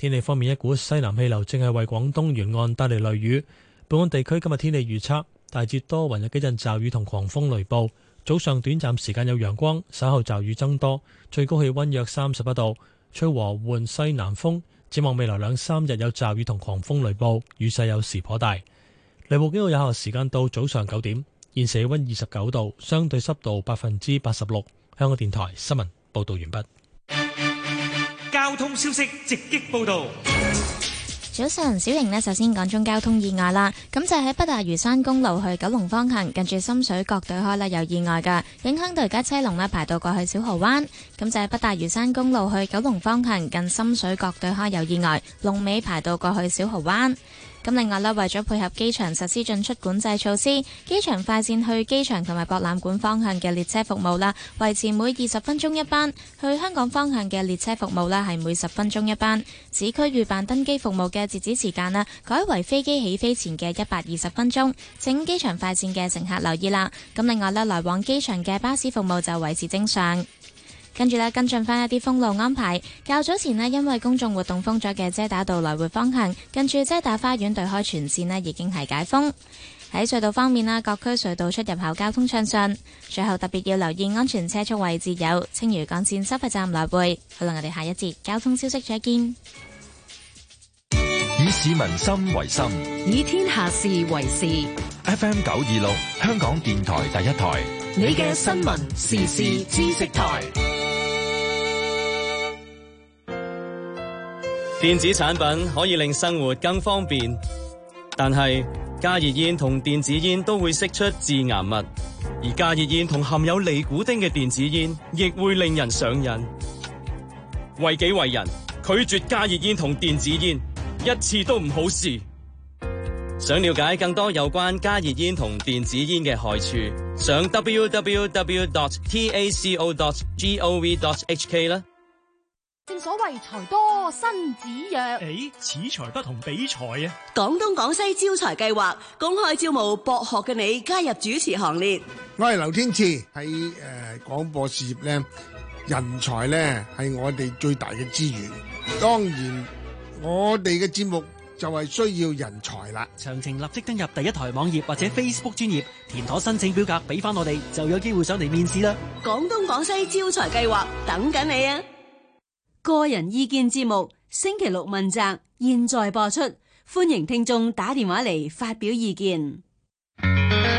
天氣方面，一股西南氣流正係為廣東沿岸帶嚟雷雨。本港地區今日天氣預測，大致多雲，有幾陣驟雨同狂風雷暴。早上短暫時間有陽光，稍後驟雨增多，最高氣溫約三十一度，吹和緩西南風。展望未來兩三日有驟雨同狂風雷暴，雨勢有時頗大，雷暴警告有效時間到早上九點。現時溫二十九度，相對濕度百分之八十六。香港電台新聞報道完畢。通消息直擊報道。早上，小瑩呢，首先講中交通意外啦。咁就喺北大嶼山公路去九龍方向，近住深水角對開啦，有意外嘅，影響到而家車龍呢排到過去小蠔灣。咁就喺北大嶼山公路去九龍方向，近深水角對開有意外，龍尾排到過去小蠔灣。咁另外啦，為咗配合機場實施進出管制措施，機場快線去機場同埋博覽館方向嘅列車服務啦，維持每二十分鐘一班；去香港方向嘅列車服務啦，係每十分鐘一班。市區預辦登機服務嘅截止時間啦，改為飛機起飛前嘅一百二十分鐘，請機場快線嘅乘客留意啦。咁另外呢，來往機場嘅巴士服務就維持正常。跟住呢，跟進翻一啲封路安排。較早前呢，因為公眾活動封咗嘅遮打道來回方向，近住遮打花園對開全線呢，已經係解封。喺隧道方面啦，各區隧道出入口交通暢順。最後特別要留意安全車速位置，有青嶼幹線收費站來回。好啦，我哋下一節交通消息再見。以市民心為心，以天下事為事。FM 九二六，香港電台第一台。你嘅新聞時事知識台。電子產品可以令生活更方便，但係加熱煙同電子煙都會釋出致癌物，而加熱煙同含有尼古丁嘅電子煙亦會令人上癮。為己為人，拒絕加熱煙同電子煙。一次都唔好試。想了解更多有關加熱煙同電子煙嘅害處，上 www.taco.gov.hk 啦。正所謂財多身子弱，誒，此財不同彼財啊！廣東廣西招財計劃公開招募博學嘅你，加入主持行列。我係劉天賜喺誒廣播事業咧，人才咧係我哋最大嘅資源，當然。我哋嘅節目就係需要人才啦！詳情立即登入第一台網頁或者 Facebook 專頁，填妥申請表格俾翻我哋，就有機會上嚟面試啦！廣東廣西招才計劃等緊你啊！個人意見節目星期六問責，現在播出，歡迎聽眾打電話嚟發表意見。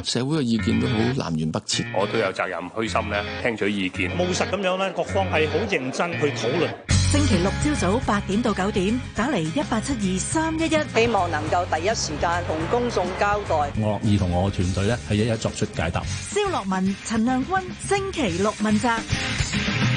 社會嘅意見都好南轅北轍，我都有責任虛心咧，聽取意見，務實咁樣咧，各方係好認真去討論。星期六朝早八點到九點，打嚟一八七二三一一，希望能夠第一時間同公眾交代。我樂意同我嘅團隊咧，係一一一作出解答。蕭洛汶、陳亮均，星期六問責。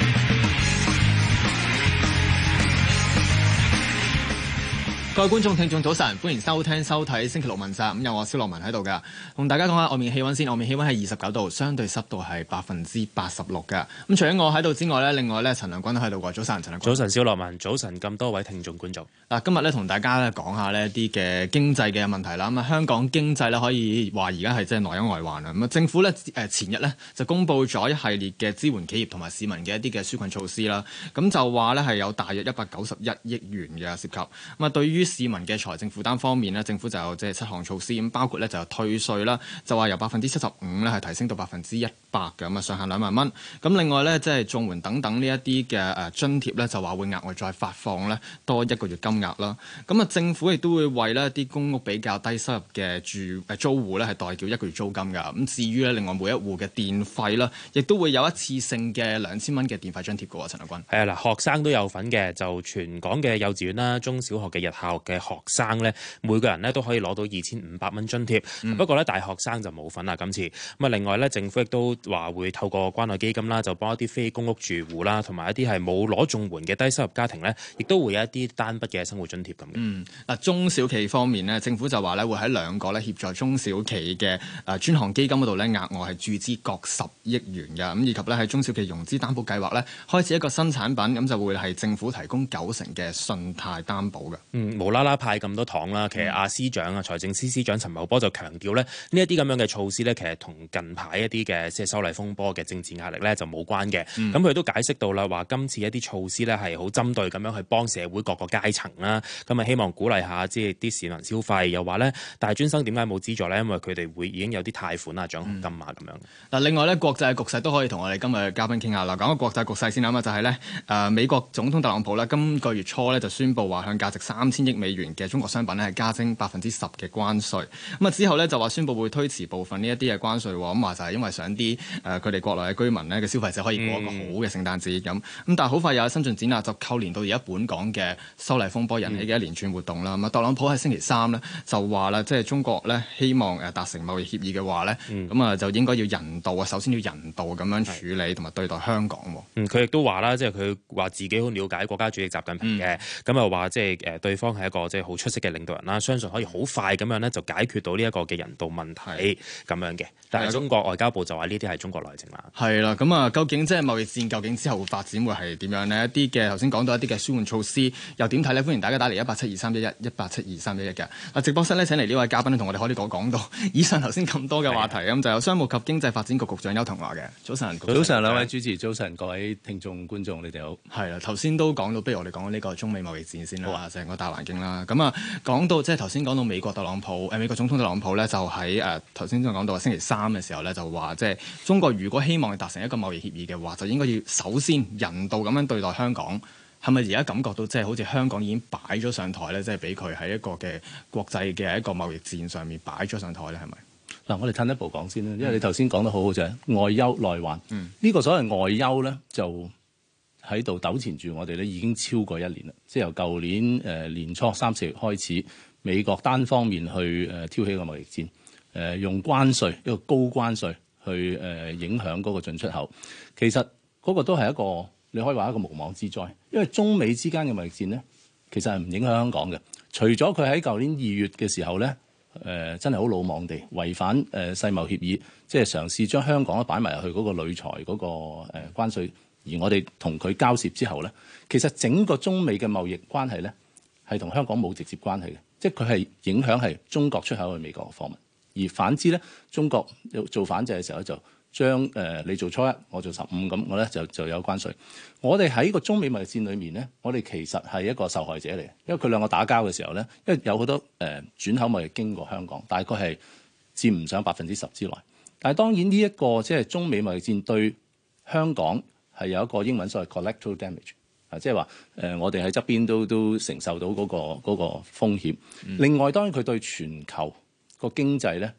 各位觀眾、聽眾，早晨，歡迎收聽、收睇《星期六問責》嗯。咁有我蕭洛汶喺度嘅，同大家講下外面氣温先。外面氣温係二十九度，相對濕度係百分之八十六嘅。咁、嗯、除咗我喺度之外咧，另外咧陳亮均都喺度嘅。早晨，陳亮均。早晨，蕭洛汶。早晨，咁多位聽眾、觀眾。嗱，今日咧同大家咧講下咧啲嘅經濟嘅問題啦。咁啊，香港經濟咧可以話而家係真係內憂外患啊。咁啊，政府咧誒前日咧就公布咗一系列嘅支援企業同埋市民嘅一啲嘅紓困措施啦。咁就話咧係有大約一百九十一億元嘅涉及。咁啊，對於市民嘅財政負擔方面咧，政府就即係七項措施咁，包括咧就退稅啦，就話由百分之七十五咧係提升到百分之一百嘅。咁啊，上限兩萬蚊。咁另外咧即係綜援等等呢一啲嘅誒津貼咧，就話會額外再發放咧多一個月金額啦。咁啊，政府亦都會為咧啲公屋比較低收入嘅住誒租戶咧係代繳一個月租金㗎。咁至於咧另外每一戶嘅電費啦，亦都會有一次性嘅兩千蚊嘅電費津貼嘅喎，陳亮均。係啊，嗱，學生都有份嘅，就全港嘅幼稚園啦、中小學嘅日校。嘅學生咧，每個人咧都可以攞到二千五百蚊津貼。不過咧，大學生就冇份啦。今次咁啊，另外咧，政府亦都話會透過關愛基金啦，就幫一啲非公屋住戶啦，同埋一啲係冇攞綜援嘅低收入家庭咧，亦都會有一啲單筆嘅生活津貼咁嘅。嗯，嗱中小企方面呢，政府就話咧會喺兩個咧協助中小企嘅啊專項基金嗰度咧額外係注資各十億元嘅。咁以及咧喺中小企融資擔保計劃咧開始一個新產品，咁就會係政府提供九成嘅信貸擔保嘅。嗯。無啦啦派咁多糖啦，其實阿司長啊，嗯、財政司司長陳茂波就強調咧，呢一啲咁樣嘅措施咧，其實同近排一啲嘅即係修例風波嘅政治壓力咧就冇關嘅。咁佢都解釋到啦，話今次一啲措施咧係好針對咁樣去幫社會各個階層啦，咁啊希望鼓勵下即係啲市民消費。又話咧，大專生點解冇資助咧？因為佢哋會已經有啲貸款啊、獎學金啊咁樣。嗱、嗯，另外咧，國際局勢都可以同我哋今日嘅嘉賓傾下啦。講個國際局勢先啊嘛，就係、是、咧，誒、呃、美國總統特朗普啦，今個月初咧就宣布話向價值三千億美元嘅中國商品咧係加徵百分之十嘅關稅，咁啊之後咧就話宣布會推遲部分呢一啲嘅關稅喎，咁話就係因為想啲誒佢哋國內嘅居民咧嘅消費者可以過一個好嘅聖誕節咁，咁、嗯、但係好快又有新進展啦，就扣連到而家本港嘅修例風波引起嘅一連串活動啦，咁啊特朗普喺星期三咧就話啦，即係中國咧希望誒達成貿易協議嘅話咧，咁啊、嗯、就應該要人道啊，首先要人道咁樣處理同埋對待香港喎，佢亦都話啦，即係佢話自己好了解國家主席習近平嘅，咁又話即係誒對方係。一個即係好出色嘅領導人啦，相信可以好快咁樣咧就解決到呢一個嘅人道問題咁樣嘅。但係中國外交部就話呢啲係中國內政啦。係啦，咁啊究竟即係貿易戰究竟之後發展會係點樣呢？一啲嘅頭先講到一啲嘅舒緩措施又點睇呢？歡迎大家打嚟，一八七二三一一一八七二三一一嘅。嗱，直播室咧請嚟呢位嘉賓同我哋可以講講到以上頭先咁多嘅話題。咁就有商務及經濟發展局局長邱騰華嘅。早晨，早晨兩位主持，早晨各位聽眾觀眾，你哋好。係啦，頭先都講到，不如我哋講下呢個中美貿易戰先啦。好啊，成個大環境，啦，咁啊，講到即係頭先講到美國特朗普，誒，美國總統特朗普咧就喺誒頭先講到星期三嘅時候咧就話，即係中國如果希望要達成一個貿易協議嘅話，就應該要首先人道咁樣對待香港。係咪而家感覺到即係好似香港已經擺咗上台咧，即係俾佢喺一個嘅國際嘅一個貿易戰上面擺咗上台咧？係咪？嗱、嗯，我哋褪一步講先啦，因為你頭先講得好好嘅，外憂內患。嗯，呢個所謂外憂咧就。喺度糾纏住我哋咧，已經超過一年啦。即係由舊年誒、呃、年初三四月開始，美國單方面去誒、呃、挑起個貿易戰，誒、呃、用關稅一個高關稅去誒、呃、影響嗰個進出口。其實嗰、那個都係一個你可以話一個無妄之災，因為中美之間嘅貿易戰咧，其實係唔影響香港嘅。除咗佢喺舊年二月嘅時候咧，誒、呃、真係好魯莽地違反誒、呃、世貿協議，即、就、係、是、嘗試將香港擺埋入去嗰個鋁材嗰個誒關稅。而我哋同佢交涉之後咧，其實整個中美嘅貿易關係咧，係同香港冇直接關係嘅，即係佢係影響係中國出口去美國嘅貨物。而反之咧，中國做反制嘅時候就將、呃、你做初一，我做十五咁，我咧就就有關稅。我哋喺個中美貿易戰裏面咧，我哋其實係一個受害者嚟嘅，因為佢兩個打交嘅時候咧，因為有好多誒、呃、轉口貿易經過香港，大概係佔唔上百分之十之內。但係當然呢、這、一個即係中美貿易戰對香港。係有一個英文所謂 collateral damage 啊，即係話誒，我哋喺側邊都都承受到嗰、那個嗰、那個風險。嗯、另外，當然佢對全球個經濟咧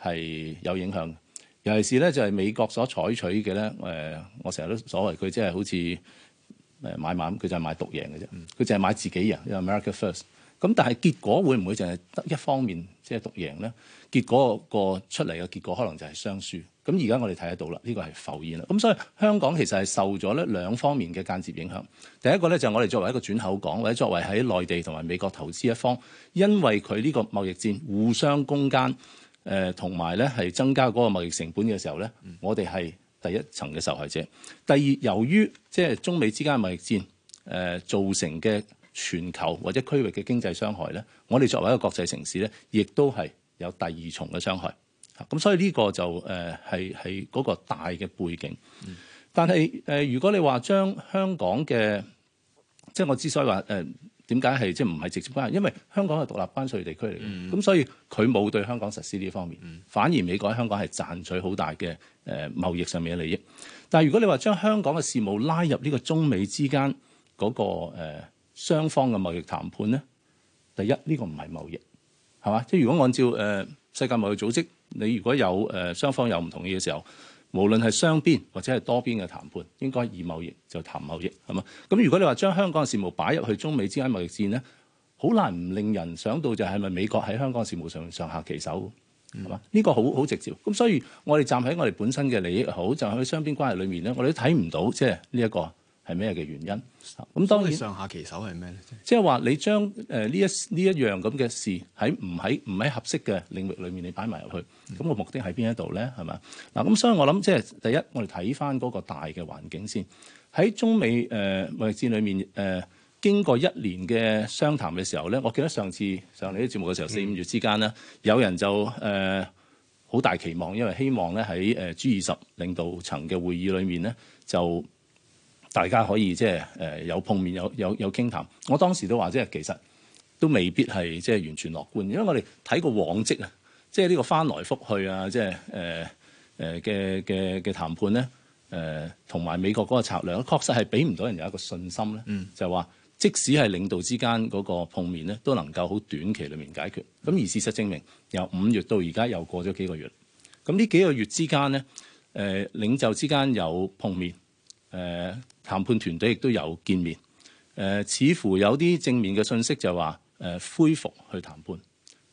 係有影響的，尤其是咧就係、是、美國所採取嘅咧誒，我成日都所謂佢即係好似誒買馬，佢就係買獨贏嘅啫，佢、嗯、就係買自己嘢，因為 America first。咁但係結果會唔會淨係得一方面即係獨贏咧？結果個出嚟嘅結果可能就係雙輸。咁而家我哋睇得到啦，呢個係浮現啦。咁所以香港其實係受咗咧兩方面嘅間接影響。第一個咧就係我哋作為一個轉口港或者作為喺內地同埋美國投資一方，因為佢呢個貿易戰互相攻堅誒同埋咧係增加嗰個貿易成本嘅時候咧，我哋係第一層嘅受害者。第二，由於即係中美之間嘅貿易戰誒、呃、造成嘅。全球或者區域嘅經濟傷害咧，我哋作為一個國際城市咧，亦都係有第二重嘅傷害。咁所以呢個就係係嗰個大嘅背景。但係如果你話將香港嘅即係我之所以話誒點解係即係唔係直接關係，因為香港係獨立關稅地區嚟嘅，咁、嗯、所以佢冇對香港實施呢方面，反而美國喺香港係賺取好大嘅誒貿易上面嘅利益。但係如果你話將香港嘅事務拉入呢個中美之間嗰個、呃雙方嘅貿易談判咧，第一呢、呢個唔係貿易，係嘛？即係如果按照誒、呃、世界貿易組織，你如果有誒、呃、雙方有唔同意嘅時候，無論係雙邊或者係多邊嘅談判，應該以貿易就談貿易，係嘛？咁如果你話將香港嘅事務擺入去中美之間貿易戰咧，好難唔令人想到就係咪美國喺香港事務上上下其手，係嘛？呢、嗯、個好好直接。咁所以我哋站喺我哋本身嘅利益好，就喺雙邊關係裏面咧，我哋都睇唔到即係呢一個。係咩嘅原因？咁當然你上下其手係咩咧？即係話你將誒呢一呢一樣咁嘅事喺唔喺唔喺合適嘅領域裡面你擺埋入去，咁個、嗯、目的喺邊一度咧？係咪？嗱，咁所以我諗即係第一，我哋睇翻嗰個大嘅環境先。喺中美誒貿易戰裡面誒、呃，經過一年嘅商談嘅時候咧，我記得上次上你啲節目嘅時候，四五月之間咧，嗯、有人就誒好、呃、大期望，因為希望咧喺誒 G 二十領導層嘅會議裡面咧就。大家可以即係誒有碰面有有有傾談，談，我當時都話即係其實都未必係即係完全樂觀，因為我哋睇過往績啊，即係呢個翻來覆去啊，即係誒誒嘅嘅嘅談判咧，誒同埋美國嗰個策略，確實係俾唔到人有一個信心咧，嗯、就話即使係領導之間嗰個碰面咧，都能夠好短期裏面解決。咁而事實證明，由五月到而家又過咗幾個月，咁呢幾個月之間咧，誒、呃、領袖之間有碰面，誒、呃。談判團隊亦都有見面，誒、呃，似乎有啲正面嘅信息就，就係話恢復去談判。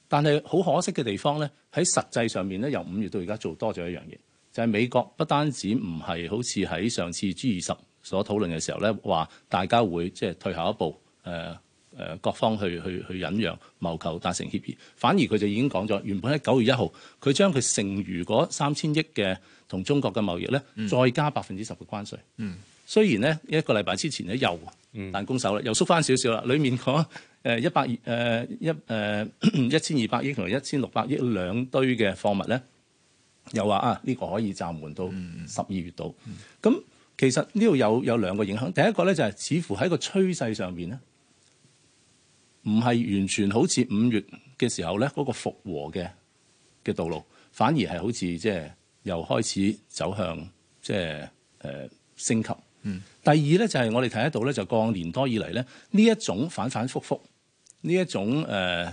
但係好可惜嘅地方咧，喺實際上面咧，由五月到而家做多咗一樣嘢，就係、是、美國不單止唔係好似喺上次 G 二十所討論嘅時候咧，話大家會即係退後一步，誒、呃、誒、呃、各方去去去忍讓，謀求達成協議，反而佢就已經講咗，原本喺九月一號佢將佢剩餘嗰三千億嘅同中國嘅貿易咧，再加百分之十嘅關稅。嗯雖然咧一個禮拜之前咧又彈弓手啦，又縮翻少少啦。裡面講一百、呃、一一千二百億同一千六百億兩堆嘅貨物咧，又話啊呢、呢個可以暫緩到十二月度。咁、嗯、其實呢度有有兩個影響，第一個咧就係、係、似乎喺個趨勢上邊咧，唔係完全好似五月嘅時候咧嗰、嗰個復和嘅嘅道路，反而係好似即係又開始走向即係、呃、升級。嗯、第二咧就係我哋睇得到咧，就過往、是、年多以嚟咧呢一種反反覆覆，呢一種、呃、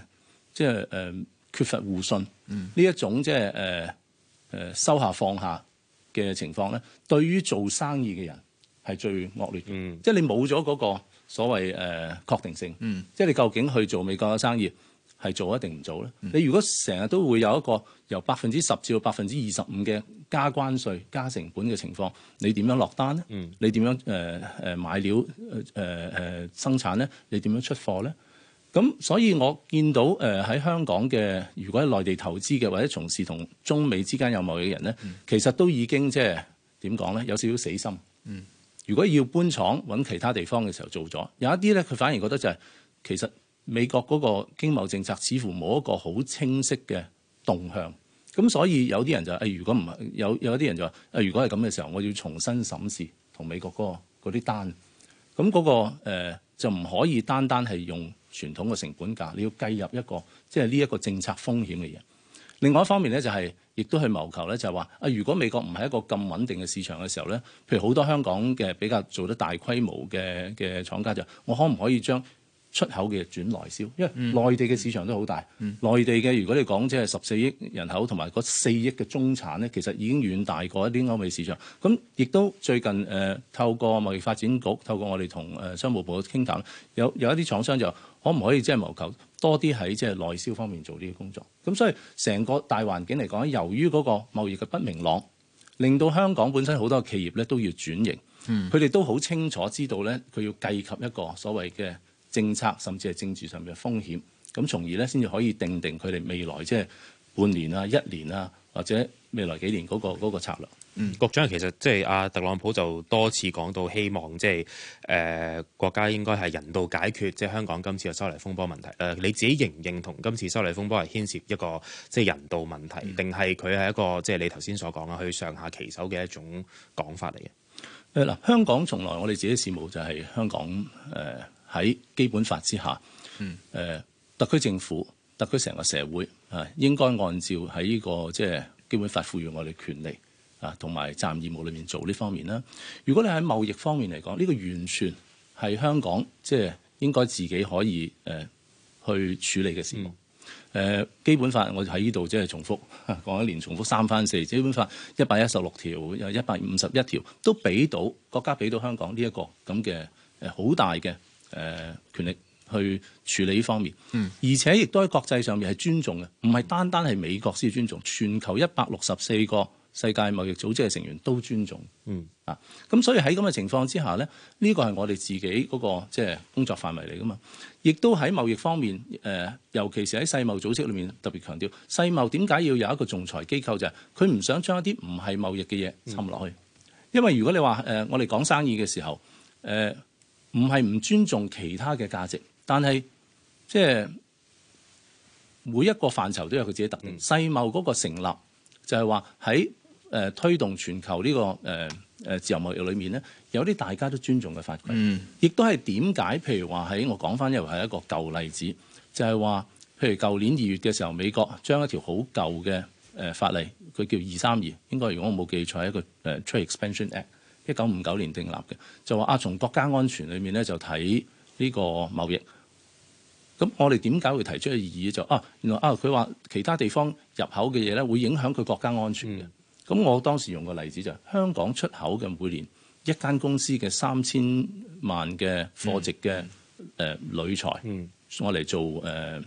即係、呃、缺乏互信，呢、嗯、一種即係、呃、收下放下嘅情況咧，對於做生意嘅人係最惡劣嘅，嗯、即係你冇咗嗰個所謂誒、呃、確定性，嗯、即係你究竟去做美國嘅生意。係做一定唔做咧？嗯、你如果成日都會有一個由百分之十至到百分之二十五嘅加關稅、加成本嘅情況，你點樣落單咧、嗯呃呃呃？你點樣誒買料生產咧？你點樣出貨咧？咁所以我見到誒喺、呃、香港嘅，如果喺內地投資嘅或者從事同中美之間有貿易嘅人咧，嗯、其實都已經即係點講咧？有少少死心。嗯、如果要搬廠揾其他地方嘅時候做咗，有一啲咧佢反而覺得就係、是、其實。美國嗰個經貿政策似乎冇一個好清晰嘅動向，咁所以有啲人就誒、哎，如果唔係有有啲人就話誒、啊，如果係咁嘅時候，我要重新審視同美國嗰、嗰個嗰啲單，咁嗰、嗰個、呃、就唔可以單單係用傳統嘅成本價，你要計入一個即係呢一個政策風險嘅嘢。另外一方面咧，就係、係、亦都係謀求咧，就係、係、話啊，如果美國唔係一個咁穩定嘅市場嘅時候咧，譬如好多香港嘅比較做得大規模嘅嘅廠家就我可唔可以將？出口嘅轉內銷，因為內地嘅市場都好大。嗯嗯、內地嘅，如果你講即係十四億人口同埋嗰四億嘅中產咧，其實已經遠大過一啲歐美市場。咁亦都最近誒、呃，透過貿易發展局，透過我哋同誒商務部嘅傾談，有有一啲廠商就可唔可以即係謀求多啲喺即係內銷方面做呢啲工作？咁所以成個大環境嚟講，由於嗰個貿易嘅不明朗，令到香港本身好多企業咧都要轉型。佢哋、嗯、都好清楚知道咧，佢要計及一個所謂嘅。政策甚至係政治上面嘅風險，咁從而咧先至可以定定佢哋未來即係半年啊、一年啊，或者未來幾年嗰個嗰個策略。嗯，局長其實即係阿特朗普就多次講到，希望即係誒國家應該係人道解決，即係香港今次嘅修例風波問題。誒，你自己認唔認同今次修例風波係牽涉一個即係人道問題，定係佢係一個即係你頭先所講啊去上下其手嘅一種講法嚟嘅？誒嗱、呃，香港從來我哋自己事務就係香港誒。呃喺基本法之下，誒、嗯呃、特區政府、特區成個社會啊，應該按照喺呢、這個即係、就是、基本法賦予我哋權利啊，同埋責任義務裏面做呢方面啦、啊。如果你喺貿易方面嚟講，呢、這個完全係香港即係、就是、應該自己可以誒、呃、去處理嘅事務。誒、嗯呃、基本法，我喺呢度即係重複講、啊、一年重複三番四。基本法一百一十六條又一百五十一條都俾到國家俾到香港呢、這、一個咁嘅誒好大嘅。誒、呃、權力去處理呢方面，嗯，而且亦都喺國際上面係尊重嘅，唔係單單係美國先尊重，全球一百六十四個世界貿易組織嘅成員都尊重，嗯，啊，咁所以喺咁嘅情況之下咧，呢個係我哋自己嗰、那個即係、就是、工作範圍嚟噶嘛，亦都喺貿易方面，誒、呃，尤其是喺世貿組織裏面特別強調，世貿點解要有一個仲裁機構就係佢唔想將一啲唔係貿易嘅嘢滲落去，嗯、因為如果你話誒、呃、我哋講生意嘅時候，誒、呃。唔係唔尊重其他嘅價值，但係即係每一個範疇都有佢自己特定。嗯、世貿嗰個成立就係話喺誒推動全球呢、這個誒誒、呃、自由貿易裏面咧，有啲大家都尊重嘅法規，亦都係點解，譬如話喺我講返又係一個舊例子，就係、是、話譬如舊年二月嘅時候，美國將一條好舊嘅誒、呃、法例，佢叫二三二，應該如果我冇記錯係一個誒 Trade Expansion Act。一九五九年訂立嘅，就話啊，從國家安全裏面咧就睇呢個貿易。咁我哋點解會提出意義就啊，原來啊，佢話其他地方入口嘅嘢咧會影響佢國家安全嘅。咁、嗯、我當時用個例子就係、香港出口嘅每年一間公司嘅三千萬嘅貨值嘅誒鋁材，我嚟做誒。呃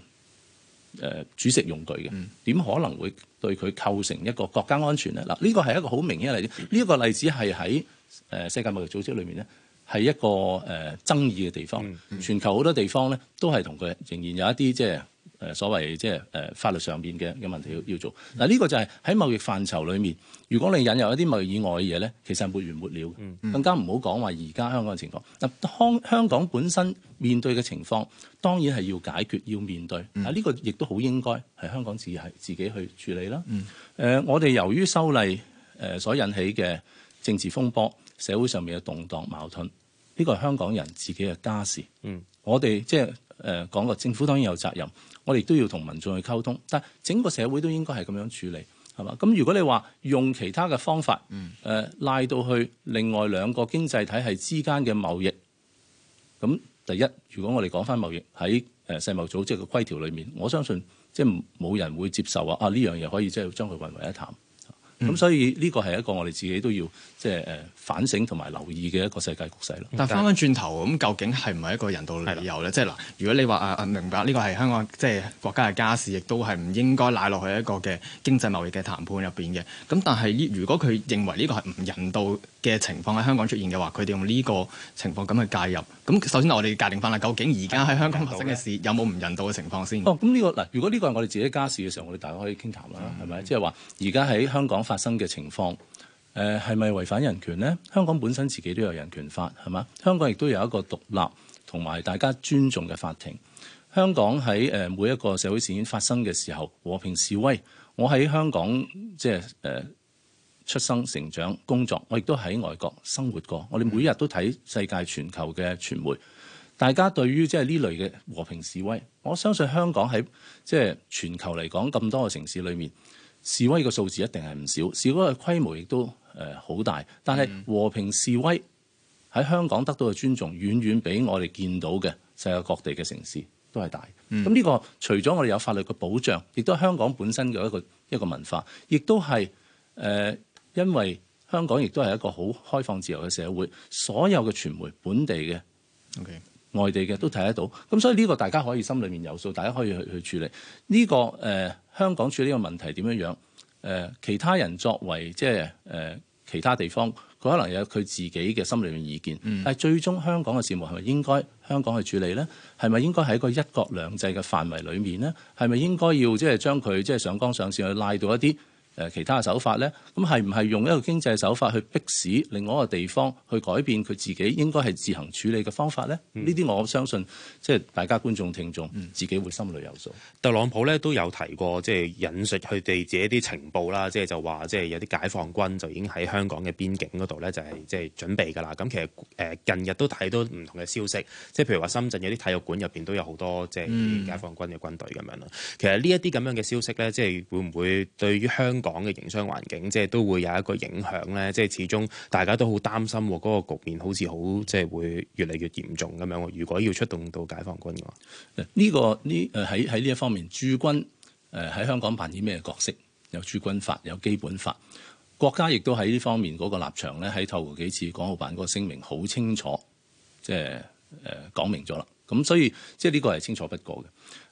誒煮食用具嘅點可能會對佢構成一個國家安全咧？嗱，呢個係一個好明顯嘅例子。呢、這、一個例子係喺誒世界貿易組織裏面咧，係一個誒爭議嘅地方。全球好多地方咧，都係同佢仍然有一啲即係。呃誒所謂即係誒法律上邊嘅嘅問題，要要做。嗱呢、這個就係喺貿易範疇裏面，如果你引入一啲貿易以外嘅嘢咧，其實係沒完沒了嘅，嗯嗯、更加唔好講話而家香港嘅情況。嗱，當香港本身面對嘅情況，當然係要解決，要面對啊，呢個亦都好應該係香港自係自己去處理啦。誒、嗯呃，我哋由於修例誒所引起嘅政治風波、社會上面嘅動盪矛盾，呢、這個係香港人自己嘅家事。嗯，我哋即係。誒講個政府當然有責任，我哋都要同民眾去溝通，但係整個社會都應該係咁樣處理，係嘛？咁如果你話用其他嘅方法，誒、嗯呃、拉到去另外兩個經濟體系之間嘅貿易，咁第一，如果我哋講返貿易喺誒世貿組織嘅規條裏面，我相信即係冇人會接受啊！啊呢樣嘢可以即係將佢混為一談。咁、嗯、所以呢個係一個我哋自己都要即係誒反省同埋留意嘅一個世界局勢咯。但翻返轉頭，咁，究竟係唔係一個人道理由咧？即係嗱，如果你話啊啊明白呢個係香港即係、就是、國家嘅家事，亦都係唔應該賴落去一個嘅經濟貿易嘅談判入邊嘅。咁但係呢，如果佢認為呢個係唔人道嘅情況喺香港出現嘅話，佢哋用呢個情況咁去介入。咁首先我哋界定翻啦，究竟而家喺香港發生嘅事有冇唔人道嘅情況先？哦，咁呢個，嗱，如果呢個係我哋自己家事嘅時候，我哋大家可以傾談啦，係咪、嗯？即係話而家喺香港發生嘅情況，呃、係咪違反人權呢？香港本身自己都有人權法，係嘛？香港亦都有一個獨立同埋大家尊重嘅法庭。香港喺、呃、每一個社會事件發生嘅時候，和平示威，我喺香港即係、呃出生、成長工作，我亦都喺外國生活過，我哋每日都睇世界全球嘅傳媒，大家對於即係呢類嘅和平示威，我相信香港喺即係全球嚟講咁多個城市裏面，示威嘅數字一定係唔少，示威嘅規模亦都誒好大。但係和平示威喺香港得到嘅尊重，遠遠比我哋見到嘅世界各地嘅城市都係大。咁呢個除咗我哋有法律嘅保障，亦都係香港本身嘅一個一個文化，亦都係誒。呃因為香港亦都係一個好開放自由嘅社會，所有嘅傳媒本地嘅、外地嘅都睇得到。咁所以呢個大家可以心裏面有數，大家可以去去處理呢、這個誒、呃、香港處理呢個問題點樣樣誒、呃？其他人作為即係誒其他地方，佢可能有佢自己嘅心裏面意見，嗯、但係最終香港嘅事務係咪應該香港去處理呢？係咪應該喺個一國兩制嘅範圍裡面呢？係咪應該要即係將佢即係上綱上線去拉到一啲？誒其他嘅手法咧，咁係唔係用一個經濟手法去迫使另外一個地方去改變佢自己應該係自行處理嘅方法咧？呢啲、嗯、我相信即係大家觀眾聽眾、嗯、自己會心裏有數。特朗普咧都有提過，即係引述佢哋自己啲情報啦，即係就話即係有啲解放軍就已經喺香港嘅邊境嗰度咧，就係即係準備㗎啦。咁其實誒近日都睇到唔同嘅消息，即係譬如話深圳有啲體育館入邊都有好多即係解放軍嘅軍隊咁樣啦。嗯、其實呢一啲咁樣嘅消息咧，即係會唔會對於香港？港嘅營商環境，即係都會有一個影響咧。即係始終大家都好擔心嗰、嗰個局面好似，好似好即係會越嚟越嚴重咁樣，如果要出動到解放軍嘅話，呢、呢個呢誒喺喺呢一方面駐軍誒喺香港扮演咩角色？有駐軍法，有基本法，國家亦都喺呢方面嗰個立場咧，喺透過幾次港澳辦嗰個聲明好清楚，即係誒講明咗啦。咁所以即係呢個係清楚不過嘅。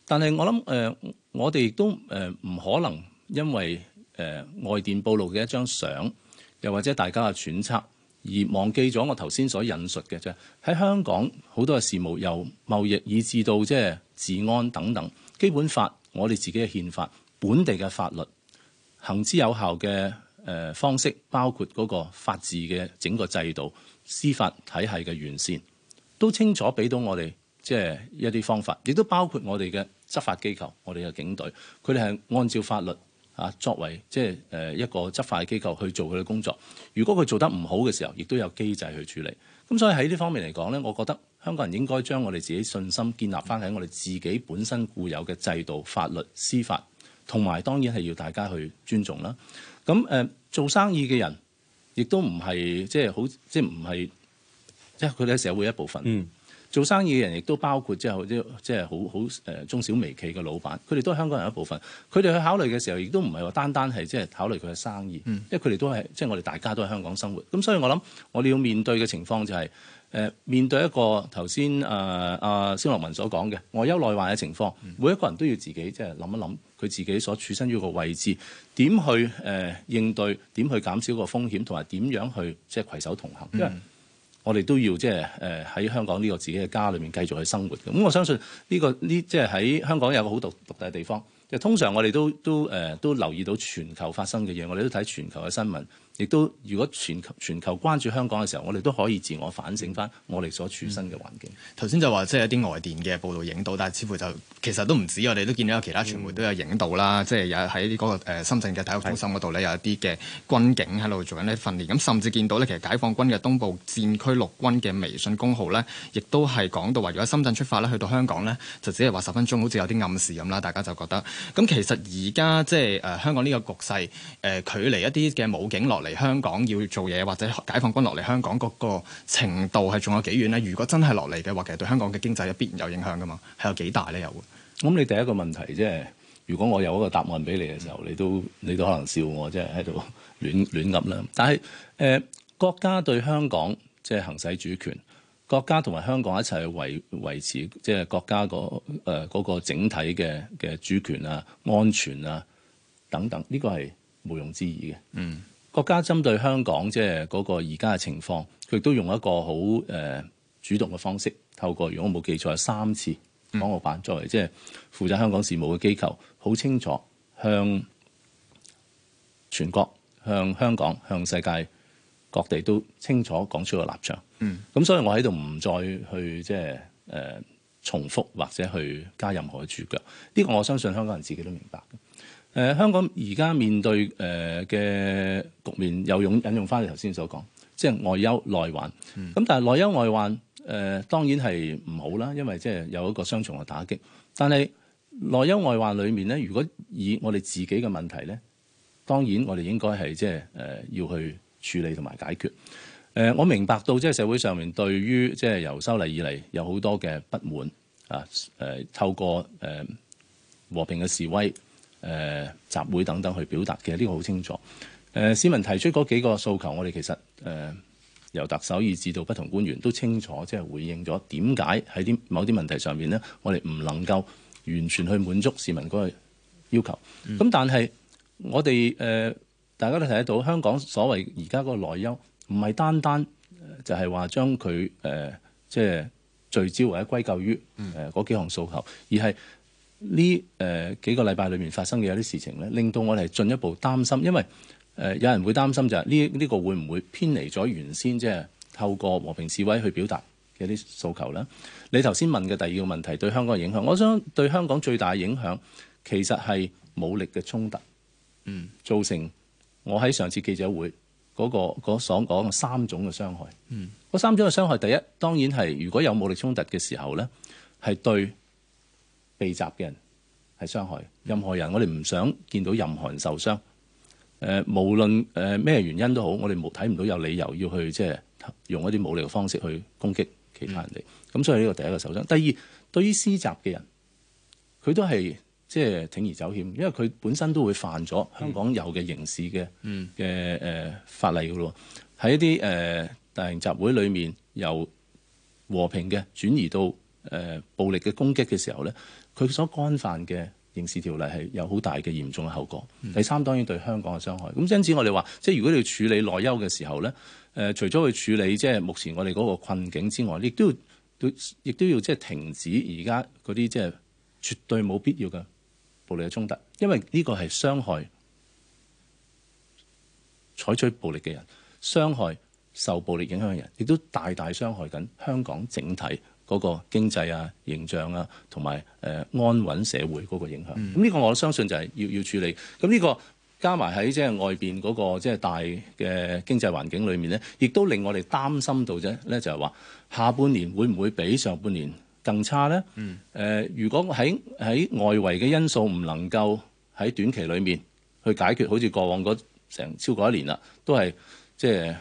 但係我諗誒、呃、我哋亦都誒唔、呃、可能因為。誒、呃、外電暴露嘅一張相，又或者大家嘅揣測，而忘記咗我頭先所引述嘅啫。喺、就是、香港好多嘅事務，由貿易以至到即係治安等等，基本法我哋自己嘅憲法、本地嘅法律，行之有效嘅誒、呃、方式，包括嗰個法治嘅整個制度、司法體系嘅完善，都清楚俾到我哋即係一啲方法，亦都包括我哋嘅執法機構，我哋嘅警隊，佢哋係按照法律。啊，作為即係誒一個執法嘅機構去做佢嘅工作，如果佢做得唔好嘅時候，亦都有機制去處理。咁所以喺呢方面嚟講咧，我覺得香港人應該將我哋自己信心建立返喺我哋自己本身固有嘅制度、法律、司法，同埋當然係要大家去尊重啦。咁誒、呃，做生意嘅人亦都唔係即係好即係唔係，即係佢哋係社會一部分。嗯。做生意嘅人亦都包括之後即係好好誒中小微企嘅老闆，佢哋都係香港人一部分。佢哋去考慮嘅時候，亦都唔係話單單係即係考慮佢嘅生意，嗯、因為佢哋都係即係我哋大家都係香港生活。咁所以我諗我哋要面對嘅情況就係、是、誒、呃、面對一個頭先誒阿蕭洛汶所講嘅外憂內患嘅情況，嗯、每一個人都要自己即係諗一諗佢自己所處身於個位置，點去誒、呃、應對，點去減少個風險同埋點樣去即係攜手同行。因為、嗯我哋都要即係誒喺香港呢個自己嘅家裏面繼續去生活嘅，咁我相信呢個呢即係喺香港有個好獨獨特嘅地方。即係通常我哋都都誒都留意到全球發生嘅嘢，我哋都睇全球嘅新聞。亦都如果全球全球關注香港嘅時候，我哋都可以自我反省翻我哋所處身嘅環境。頭先、嗯嗯、就話即係有啲外電嘅報道影到，但係似乎就其實都唔止，我哋都見到有其他傳媒都有影到啦。嗯、即係有喺嗰個誒深圳嘅體育中心嗰度咧，有一啲嘅軍警喺度做緊啲訓練，咁是、嗯、甚至見到咧，其實解放軍嘅東部戰區陸軍嘅微信公號咧，亦都係講到話如果深圳出發咧，去到香港咧，就只係話十分鐘好似有啲暗示咁啦。大家就覺得咁、嗯，其實而家即係誒、呃、香港呢個局勢誒、呃、距離一啲嘅武警落嚟。嚟香港要做嘢，或者解放軍落嚟香港嗰、那個程度係仲有幾遠咧？如果真係落嚟嘅話，其實對香港嘅經濟有必然有影響噶嘛，係有幾大咧？有咁你第一個問題即係，如果我有嗰個答案俾你嘅時候，你都你都可能笑我，即係喺度亂亂噏啦。但係誒、呃，國家對香港即係、就是、行使主權，國家同埋香港一齊維維持即係、就是、國家嗰誒嗰個整體嘅嘅主權啊、安全啊等等，呢、這個係毋庸置疑嘅。嗯。國家針對香港即係嗰個而家嘅情況，佢都用一個好、呃、主動嘅方式，透過如果我冇記錯，三次港澳辦作為即係負責香港事務嘅機構，好清楚向全國、向香港、向世界各地都清楚講出個立場。嗯，咁所以我喺度唔再去即係、呃、重複或者去加任何嘅注腳。呢個我相信香港人自己都明白。誒、呃、香港而家面對誒嘅、呃、局面，又用引用翻你頭先所講，即、就、係、是、外憂內患。咁、嗯、但係內憂外患誒、呃，當然係唔好啦，因為即係有一個雙重嘅打擊。但係內憂外患裡面咧，如果以我哋自己嘅問題咧，當然我哋應該係即係誒要去處理同埋解決。誒、呃、我明白到即係社會上面對於即係由修例以嚟有好多嘅不滿啊，誒透過誒、呃、和平嘅示威。誒、呃、集會等等去表達嘅，呢個好清楚。誒、呃、市民提出嗰幾個訴求，我哋其實誒、呃、由特首以至到不同官員都清楚，即係回應咗點解喺啲某啲問題上面咧，我哋唔能夠完全去滿足市民嗰個要求。咁、嗯、但係我哋誒、呃、大家都睇得到，香港所謂而家嗰個內憂，唔係單單就係話將佢誒即係聚焦或者歸咎於誒嗰幾項訴求，而係。呢誒幾個禮拜裏面發生嘅有啲事情咧，令到我哋係進一步擔心，因為誒有人會擔心就係呢呢個會唔會偏離咗原先即係透過和平示威去表達嘅啲訴求咧？你頭先問嘅第二個問題對香港嘅影響，我想對香港最大嘅影響其實係武力嘅衝突，嗯，造成我喺上次記者會嗰個、嗰所講嘅三種嘅傷害，嗯，嗰三種嘅傷害，第一當然係如果有武力衝突嘅時候咧，係對。被襲嘅人係傷害任何人，我哋唔想見到任何人受傷。誒、呃，無論誒咩、呃、原因都好，我哋冇睇唔到有理由要去即係用一啲武力嘅方式去攻擊其他人哋。咁、嗯、所以呢個第一個受傷。第二，對於施襲嘅人，佢都係即係鋌而走險，因為佢本身都會犯咗香港有嘅刑事嘅嘅誒法例嘅咯。喺一啲誒、呃、大型集會裏面，由和平嘅轉移到誒、呃、暴力嘅攻擊嘅時候咧，佢所干犯嘅刑事條例係有好大嘅嚴重嘅後果。第三，當然對香港嘅傷害。咁因此我哋話，即係如果你處理內憂嘅時候咧、呃，除咗去處理即係目前我哋嗰個困境之外，亦都亦都要即係停止而家嗰啲即係絕對冇必要嘅暴力嘅衝突，因為呢個係傷害採取暴力嘅人，傷害受暴力影響嘅人，亦都大大傷害緊香港整體。嗰個經濟啊、形象啊，同埋誒安穩社會嗰個影響，咁呢個、嗯、我相信就係要要處理。咁呢個加埋喺即係外邊嗰個即係大嘅經濟環境裡面咧，亦都令我哋擔心到啫。咧就係話下半年會唔會比上半年更差咧？誒、嗯呃，如果喺喺外圍嘅因素唔能夠喺短期裡面去解決，好似過往嗰成超過一年啦，都係即係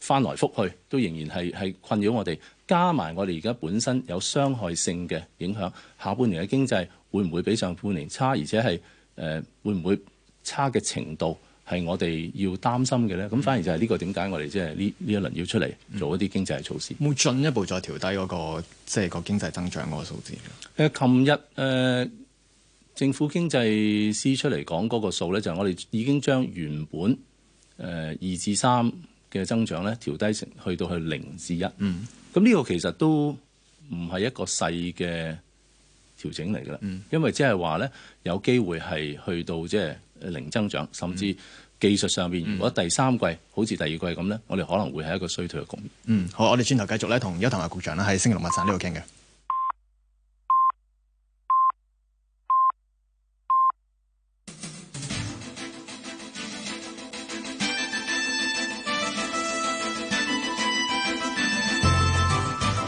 翻來覆去，都仍然係係困擾我哋。加埋我哋而家本身有傷害性嘅影響，下半年嘅經濟會唔會比上半年差？而且係誒、呃、會唔會差嘅程度係我哋要擔心嘅咧？咁、嗯、反而就係呢個點解我哋即係呢呢一輪、嗯、要出嚟做一啲經濟嘅措施，嗯、會進一步再調低嗰、那個即係、就是、個經濟增長嗰、呃呃、個數字誒，琴日誒政府經濟師出嚟講嗰個數咧，就係、是、我哋已經將原本誒二至三嘅增長咧調低成去到去零至一嗯。咁呢個其實都唔係一個細嘅調整嚟噶，嗯、因為即係話咧有機會係去到即係零增長，甚至技術上面。如果第三季、嗯、好似第二季咁咧，我哋可能會係一個衰退嘅局面。嗯，好，我哋轉頭繼續咧，同邱騰華局長咧喺星期六密、晚晨呢度傾嘅。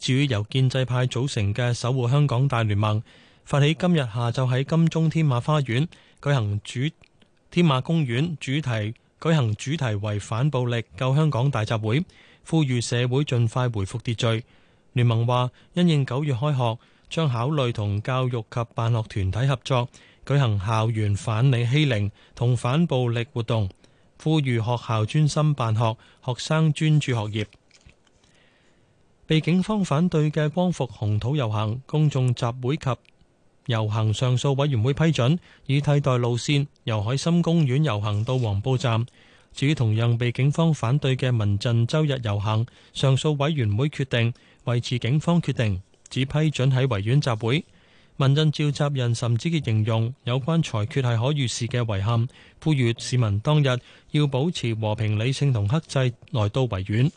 至於由建制派組成嘅守護香港大聯盟，發起今日下晝喺金鐘天馬花園，舉行主，天馬公園主題，舉行主題為反暴力救香港大集會，呼籲社會盡快回復秩序。聯盟話，因應九月開學，將考慮同教育及辦學團體合作，舉行校園反理欺凌，同反暴力活動，呼籲學校專心辦學，學生專注學業。被警方反對嘅光復紅土遊行，公眾集會及遊行上訴委員會批准，以替代路線由海心公園遊行到黃埔站。至於同樣被警方反對嘅民陣周日遊行，上訴委員會決定維持警方決定，只批准喺維園集會。民陣召集人岑子傑形容有關裁決係可預示嘅遺憾，呼籲市民當日要保持和平理性同克制來到維園。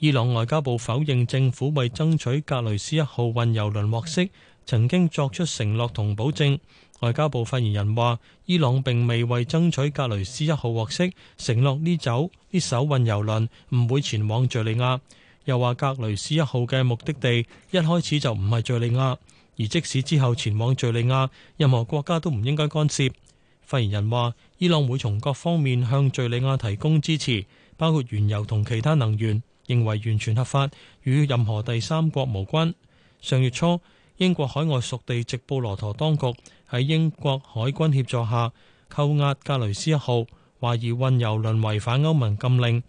伊朗外交部否認政府為爭取格雷斯一號運油輪獲釋，曾經作出承諾同保證。外交部發言人話，伊朗並未為爭取格雷斯一號獲釋承諾呢走呢艘運油輪唔會前往敘利亞。又話，格雷斯一號嘅目的地一開始就唔係叙利亞，而即使之後前往敘利亞，任何國家都唔應該干涉。發言人話，伊朗會從各方面向敘利亞提供支持，包括原油同其他能源。認為完全合法，與任何第三國無關。上月初，英國海外屬地直布羅陀當局喺英國海軍協助下扣押格雷斯一號，懷疑運油輪違反歐盟禁令，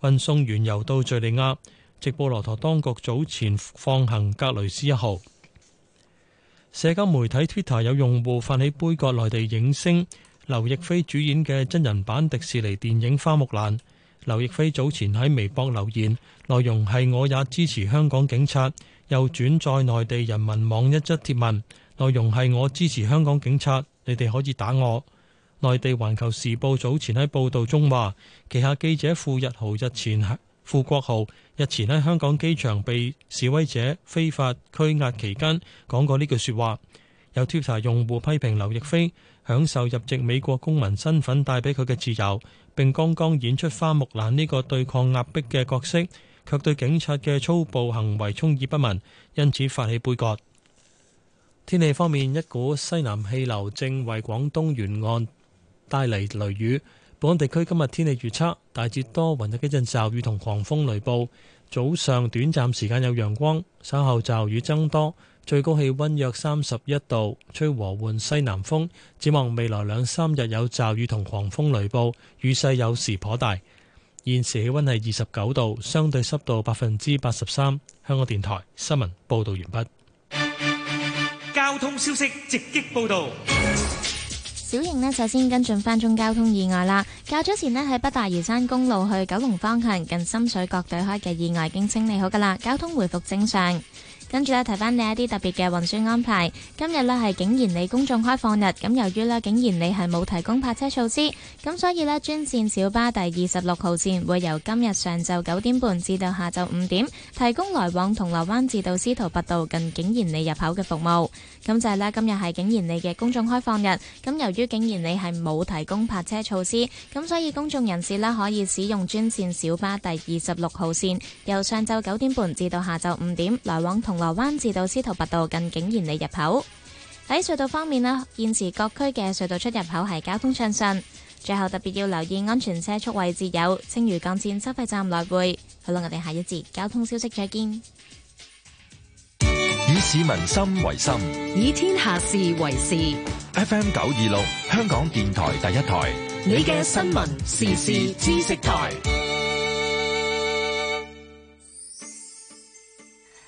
運送原油到敍利亞。直布羅陀當局早前放行格雷斯一號。社交媒體 Twitter 有用戶發起杯葛，內地影星劉亦菲主演嘅真人版迪士尼電影《花木蘭》。劉亦菲早前喺微博留言，內容係我也支持香港警察，又轉載內地人民網一則貼文，內容係我支持香港警察，你哋可以打我。內地環球時報早前喺報道中話，旗下記者傅日豪日前喺傅國豪日前喺香港機場被示威者非法拘押期間講過呢句說話。有 Twitter 用戶批評劉亦菲享受入籍美國公民身份帶俾佢嘅自由。並剛剛演出花木蘭呢個對抗壓迫嘅角色，卻對警察嘅粗暴行為充耳不聞，因此發起杯葛。天氣方面，一股西南氣流正為廣東沿岸帶嚟雷雨。本港地區今日天，天氣預測，大致多雲，有幾陣驟雨同狂風雷暴。早上短暫時間有陽光，稍後驟雨增多。最高氣溫約三十一度，吹和緩西南風。展望未來兩三日有驟雨同狂風雷暴，雨勢有時頗大。現時氣溫係二十九度，相對濕度百分之八十三。香港電台新聞報道完畢。交通消息直擊報道。小瑩呢，首先跟進返宗交通意外啦。較早前呢，喺北大嶼山公路去九龍方向近深水角對開嘅意外已經清理好噶啦，交通回復正常。跟住咧，提翻你一啲特別嘅運輸安排。今日呢，係景賢里公眾開放日，咁由於呢，景賢里係冇提供泊車措施，咁所以呢，專線小巴第二十六號線會由今日上晝九點半至到下晝五點，提供來往銅鑼灣至到司徒拔道近景賢里入口嘅服務。咁就係咧，今日係景賢里嘅公眾開放日，咁由於景賢里係冇提供泊車措施，咁所以公眾人士啦，可以使用專線小巴第二十六號線，由上晝九點半至到下晝五點，來往銅羅灣至到司徒拔道近景賢里入口。喺隧道方面咧，現時各區嘅隧道出入口係交通暢順。最後特別要留意安全車速位置有青嶼幹綫收費站來回。好啦，我哋下一節交通消息再見。以市民心為心，以天下事為事。F M 九二六，香港電台第一台，你嘅新聞時事知識台。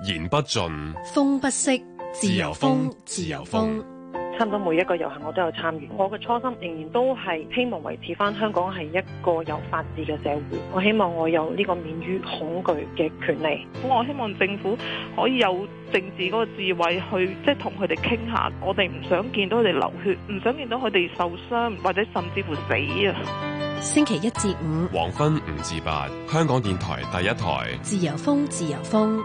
言不盡，風不息，自由風，自由風。差唔多每一個遊行我都有參與。我嘅初心仍然都係希望維持翻香港係一個有法治嘅社會。我希望我有呢個免於恐懼嘅權利。咁我希望政府可以有政治嗰個智慧去，即係同佢哋傾下。我哋唔想見到佢哋流血，唔想見到佢哋受傷，或者甚至乎死啊！星期一至五，黃昏五至八，香港電台第一台，自由風，自由風。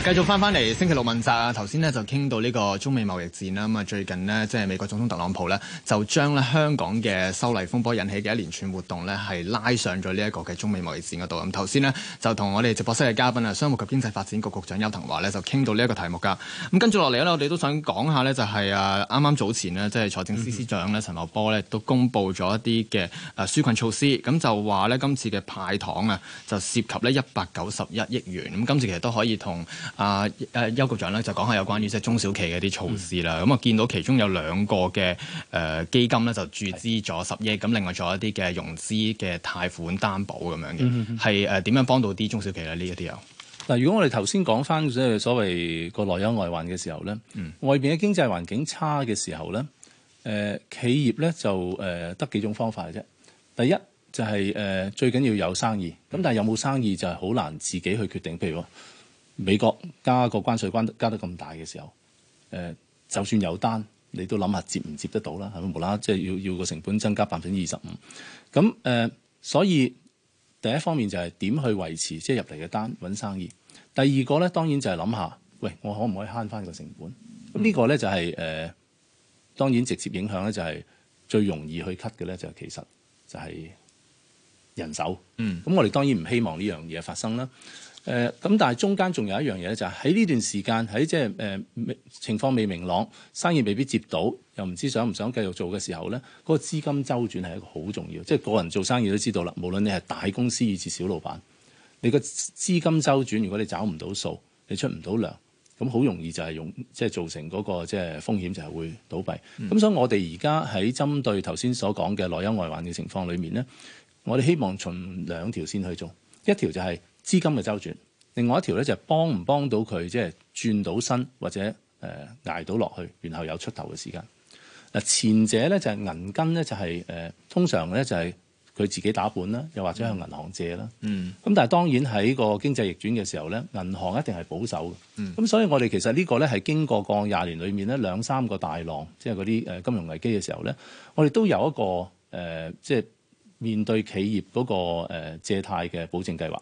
繼續翻翻嚟星期六問責，頭先呢就傾到呢個中美貿易戰啦。咁啊，最近呢，即係美國總統特朗普呢，就將香港嘅修例風波引起嘅一連串活動呢，係拉上咗呢一個嘅中美貿易戰嗰度。咁頭先呢，就同我哋直播室嘅嘉賓啊，商務及經濟發展局局長邱騰華呢，就傾到呢一個題目噶。咁跟住落嚟呢，我哋都想講下呢，就係啊啱啱早前呢，即係財政司司長呢陳茂波呢，都公布咗一啲嘅誒紓困措施。咁就話呢，今次嘅派糖啊，就涉及呢一百九十一億元。咁今次其實都可以同啊！誒、呃，邱局長咧就講下有關於即係中小企嘅一啲措施啦。咁啊、嗯，見到其中有兩個嘅誒、呃、基金咧，就注資咗十億，咁是另外仲有一啲嘅融資嘅貸款擔保咁樣嘅，係誒點樣幫到啲中小企咧？呢一啲啊，嗱，如果我哋頭先講翻即係所謂個內憂外患嘅時候咧，嗯、外邊嘅經濟環境差嘅時候咧，誒、呃、企業咧就誒得幾種方法嘅啫。第一就係、是、誒、呃、最緊要有生意，咁、嗯、但係有冇生意就係好難自己去決定，譬如。美國加個關稅關加得咁大嘅時候，呃，就算有單，你都諗下接唔接得到啦，係咪無啦啦？即係要要個成本增加百分之二十五，咁，呃，所以第一方面就係點去維持即係、就係、入嚟嘅單搵生意。第二個咧，當然就係諗下，喂，我可唔可以慳翻個成本？咁呢、嗯、個咧就係、係、誒、呃，當然直接影響咧就係最容易去 cut 嘅咧就係其實就係人手。嗯，咁我哋當然唔希望呢樣嘢發生啦。咁、呃，但係中間仲有一樣嘢咧，就係喺呢段時間喺即係情況未明朗，生意未必接到，又唔知想唔想繼續做嘅時候咧，嗰個資金周轉係一個好重要。即、就、係、是、個人做生意都知道啦，無論你係大公司以至小老闆，你個資金周轉，如果你找唔到數，你出唔到糧，咁好容易就係用即係、就是、造成嗰個即係風險，就係會倒閉。咁、嗯、所以我在在所，我哋而家喺針對頭先所講嘅內憂外患嘅情況裏面咧，我哋希望從兩條先去做一條就係、是。資金嘅周轉，另外一條咧就係幫唔幫到佢，即係轉到身或者誒捱到落去，然後有出頭嘅時間嗱。前者咧就係銀根咧，就係誒通常咧就係佢自己打本啦，又或者向銀行借啦。嗯，咁但係當然喺個經濟逆轉嘅時候咧，銀行一定係保守嘅。咁、嗯、所以我哋其實呢個咧係經過過廿年裡面咧兩三個大浪，即係嗰啲誒金融危機嘅時候咧，我哋都有一個誒，即、呃、係、就是、面對企業嗰個誒借貸嘅保證計劃。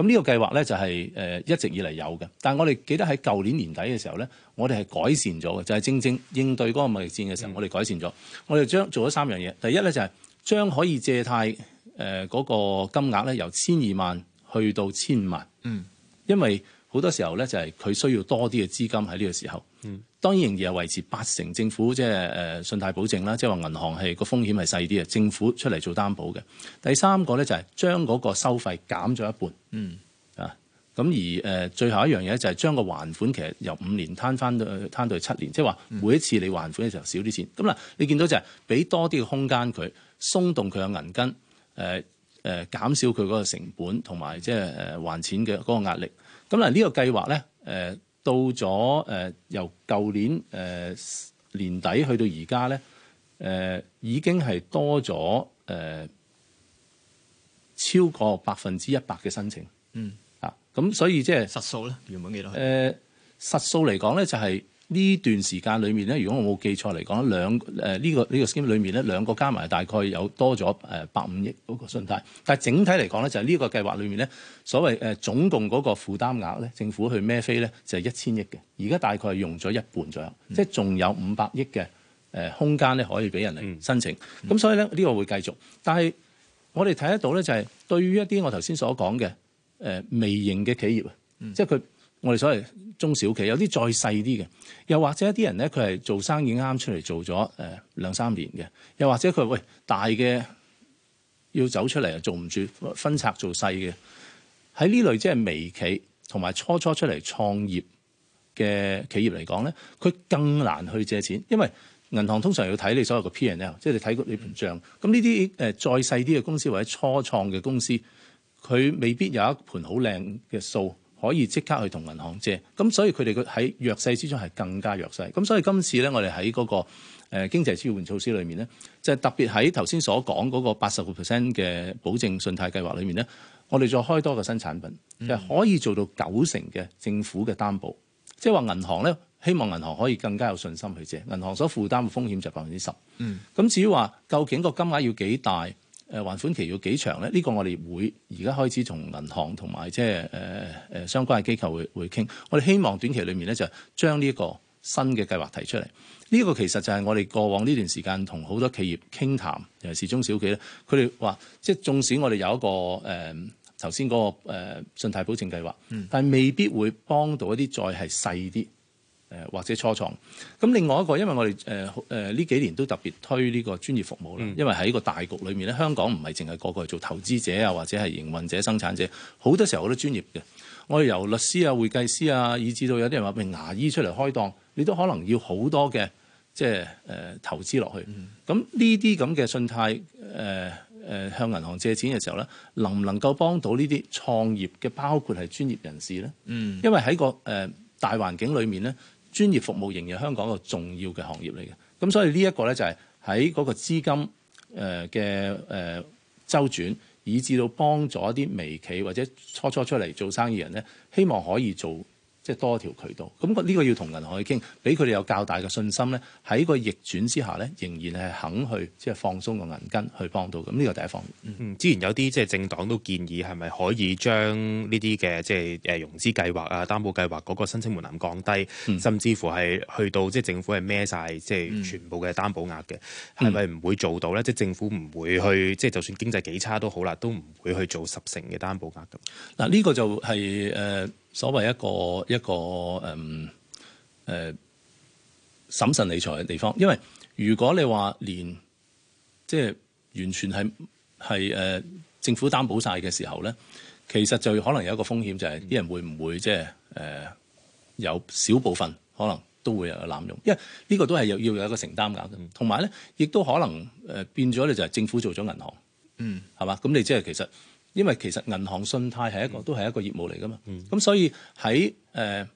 咁呢個計劃咧就係一直以嚟有嘅，但我哋記得喺舊年年底嘅時候咧，我哋係改善咗嘅，就係、是、正正應對嗰個貿易戰嘅時候，我哋改善咗，我哋將做咗三樣嘢。第一咧就係將可以借貸嗰個金額咧由千二萬去到千萬，嗯，因為好多時候咧就係佢需要多啲嘅資金喺呢個時候，嗯。當然仍然係維持八成政府即係誒信貸保證啦，即係話銀行係個風險係細啲嘅，政府出嚟做擔保嘅。第三個咧就係將嗰個收費減咗一半，嗯啊咁而誒最後一樣嘢就係將個還款其實由五年攤翻到攤到七年，即係話每一次你還款嘅時候少啲錢。咁嗱，你見到就係俾多啲嘅空間佢鬆動佢嘅銀根，誒、呃、誒、呃、減少佢嗰個成本同埋即係還錢嘅嗰個壓力。咁嗱呢個計劃咧誒、呃到咗誒、呃，由舊年誒、呃、年底去到而家咧，誒、呃、已經係多咗誒、呃、超過百分之一百嘅申請。嗯，啊，咁所以即係實數咧，原本幾多？誒、呃，實數嚟講咧，就係。呢段時間裏面咧，如果我冇記錯嚟講，兩誒呢個呢、呃呢個呢個 scheme 裏面咧，兩個加埋大概有多咗誒、呃、百五億嗰個信貸。但係整體嚟講咧，就係、是、呢個計劃裏面咧，所謂誒、呃、總共嗰個負擔額咧，政府去孭飛咧，就係、是、一千億嘅。而家大概用咗一半左右，即係仲有五百億嘅誒空間咧，可以俾人嚟申請。咁、嗯、所以咧，呢、呢個會繼續。但係我哋睇得到咧，就係、是、對於一啲我頭先所講嘅誒微型嘅企業啊，嗯、即係佢我哋所謂。中小企有啲再細啲嘅，又或者一啲人咧，佢係做生意啱出嚟做咗誒兩三年嘅，又或者佢喂大嘅要走出嚟又做唔住分拆做細嘅，喺呢類即係微企同埋初初出嚟創業嘅企業嚟講咧，佢更難去借錢，因為銀行通常要睇你所有嘅 P&L，即係你睇個你盤帳。咁呢啲誒再細啲嘅公司或者初創嘅公司，佢未必有一盤好靚嘅數。可以即刻去同銀行借，咁所以佢哋嘅喺弱勢之中係更加弱勢。咁所以今次咧，我哋喺嗰個誒經濟支援措施裏面咧，就係特別喺頭先所講嗰個八十個 percent 嘅保證信貸計劃裏面咧，我哋再開多個新產品，就係可以做到九成嘅政府嘅擔保。即係話銀行咧，希望銀行可以更加有信心去借，銀行所負擔嘅風險就百分之十。嗯，咁至於話究竟個金額要幾大？誒還款期要幾長咧？呢、這個我哋會而家開始同銀行同埋即係相關嘅機構會傾。我哋希望短期裏面咧就將呢個新嘅計劃提出嚟。呢、這個其實就係我哋過往呢段時間同好多企業傾談，談，尤其是中小企咧，佢哋話即係縱使我哋有一個誒頭先嗰個、呃、信貸保證計劃，嗯、但係未必會幫到一啲再係細啲。誒或者初創。咁另外一個，因為我哋誒誒呢幾年都特別推呢個專業服務啦。因為喺個大局裏面咧，香港唔係淨係個個係做投資者啊，或者係營運者、生產者，好多時候好多專業嘅。我哋由律師啊、會計師啊，以至到有啲人話俾牙醫出嚟開檔，你都可能要好多嘅即係誒投資落去。咁呢啲咁嘅信貸誒誒向銀行借錢嘅時候咧，能唔能夠幫到呢啲創業嘅，包括係專業人士咧？嗯，因為喺個誒大環境裏面咧。專業服務仍然係香港一個重要嘅行業嚟嘅，咁所以呢一個呢，就係喺嗰個資金誒嘅誒週轉，以至到幫助啲微企或者初初出嚟做生意人呢，希望可以做。即係多條渠道，咁、這、呢個要同銀行去傾，俾佢哋有較大嘅信心咧。喺個逆轉之下咧，仍然係肯去即係放鬆個銀根去幫到。咁、這、呢個第一方面。嗯，之前有啲即係政黨都建議係咪可以將呢啲嘅即係誒融資計劃啊、擔、嗯、保計劃嗰個申請門檻降低，嗯、甚至乎係去到即係政府係孭晒，即係全部嘅擔保額嘅，係咪唔會做到咧？嗯、即係政府唔會去即係就算經濟幾差都好啦，都唔會去做十成嘅擔保額嘅。嗱，呢個就係、是、誒。呃所謂一個一個誒誒、嗯呃、審慎理財嘅地方，因為如果你話連即係完全係係誒政府擔保晒嘅時候咧，其實就可能有一個風險，就是們會會，就係啲人會唔會即係誒、呃、有少部分可能都會有濫用，因為呢個都係要要有一個承擔噶，同埋咧亦都可能誒變咗咧，就係政府做咗銀行，嗯是吧，係嘛？咁你即係其實。因為其實銀行信貸係一個都係一個業務嚟㗎嘛，咁、嗯、所以喺誒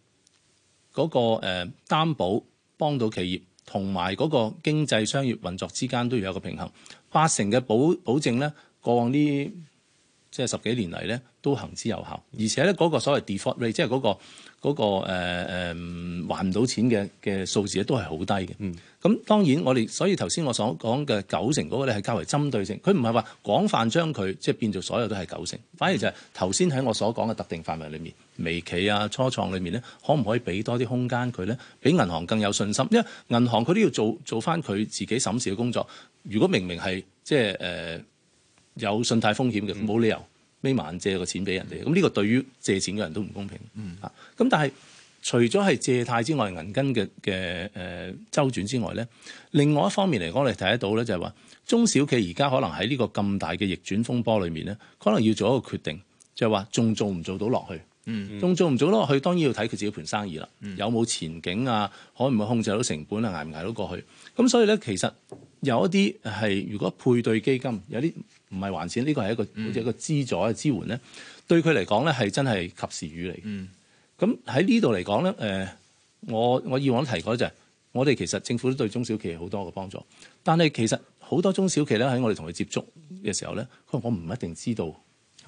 嗰個誒擔、呃、保幫到企業，同埋嗰個經濟商業運作之間都要有一個平衡。八成嘅保保證咧，過往呢即係十幾年嚟咧都行之有效，而且咧嗰、那個所謂 default rate 即係嗰、那個。嗰個誒誒還唔到錢嘅嘅數字咧，都係好低嘅。咁當然我哋，所以頭先我所講嘅九成嗰個咧，係較為針對性。佢唔係話廣泛將佢即係變做所有都係九成，反而就係頭先喺我所講嘅特定範圍裡面，微企啊、初創裡面咧，可唔可以俾多啲空間佢咧？比銀行更有信心，因為銀行佢都要做做翻佢自己審視嘅工作。如果明明係即係誒有信貸風險嘅，冇理由。嗯孭萬借個錢俾人哋，咁、這、呢個對於借錢嘅人都唔公平。啊、嗯，咁但係除咗係借貸之外，銀根嘅嘅誒週轉之外咧，另外一方面嚟講，我哋睇得到咧，就係話中小企而家可能喺呢個咁大嘅逆轉風波裡面咧，可能要做一個決定，就係話仲做唔做到落去？仲、嗯嗯、做唔做到落去？當然要睇佢自己盤生意啦，嗯、有冇前景啊？可唔可以控制到成本啊？捱唔捱到過去？咁所以咧，其實有一啲係如果配對基金有啲。唔係還錢，呢個係一個好似一個資助啊、支援咧，嗯、對佢嚟講咧係真係及時雨嚟。咁喺呢度嚟講咧，誒、呃，我我以往都提過就係、是，我哋其實政府都對中小企好多嘅幫助，但係其實好多中小企咧喺我哋同佢接觸嘅時候咧，佢話我唔一定知道。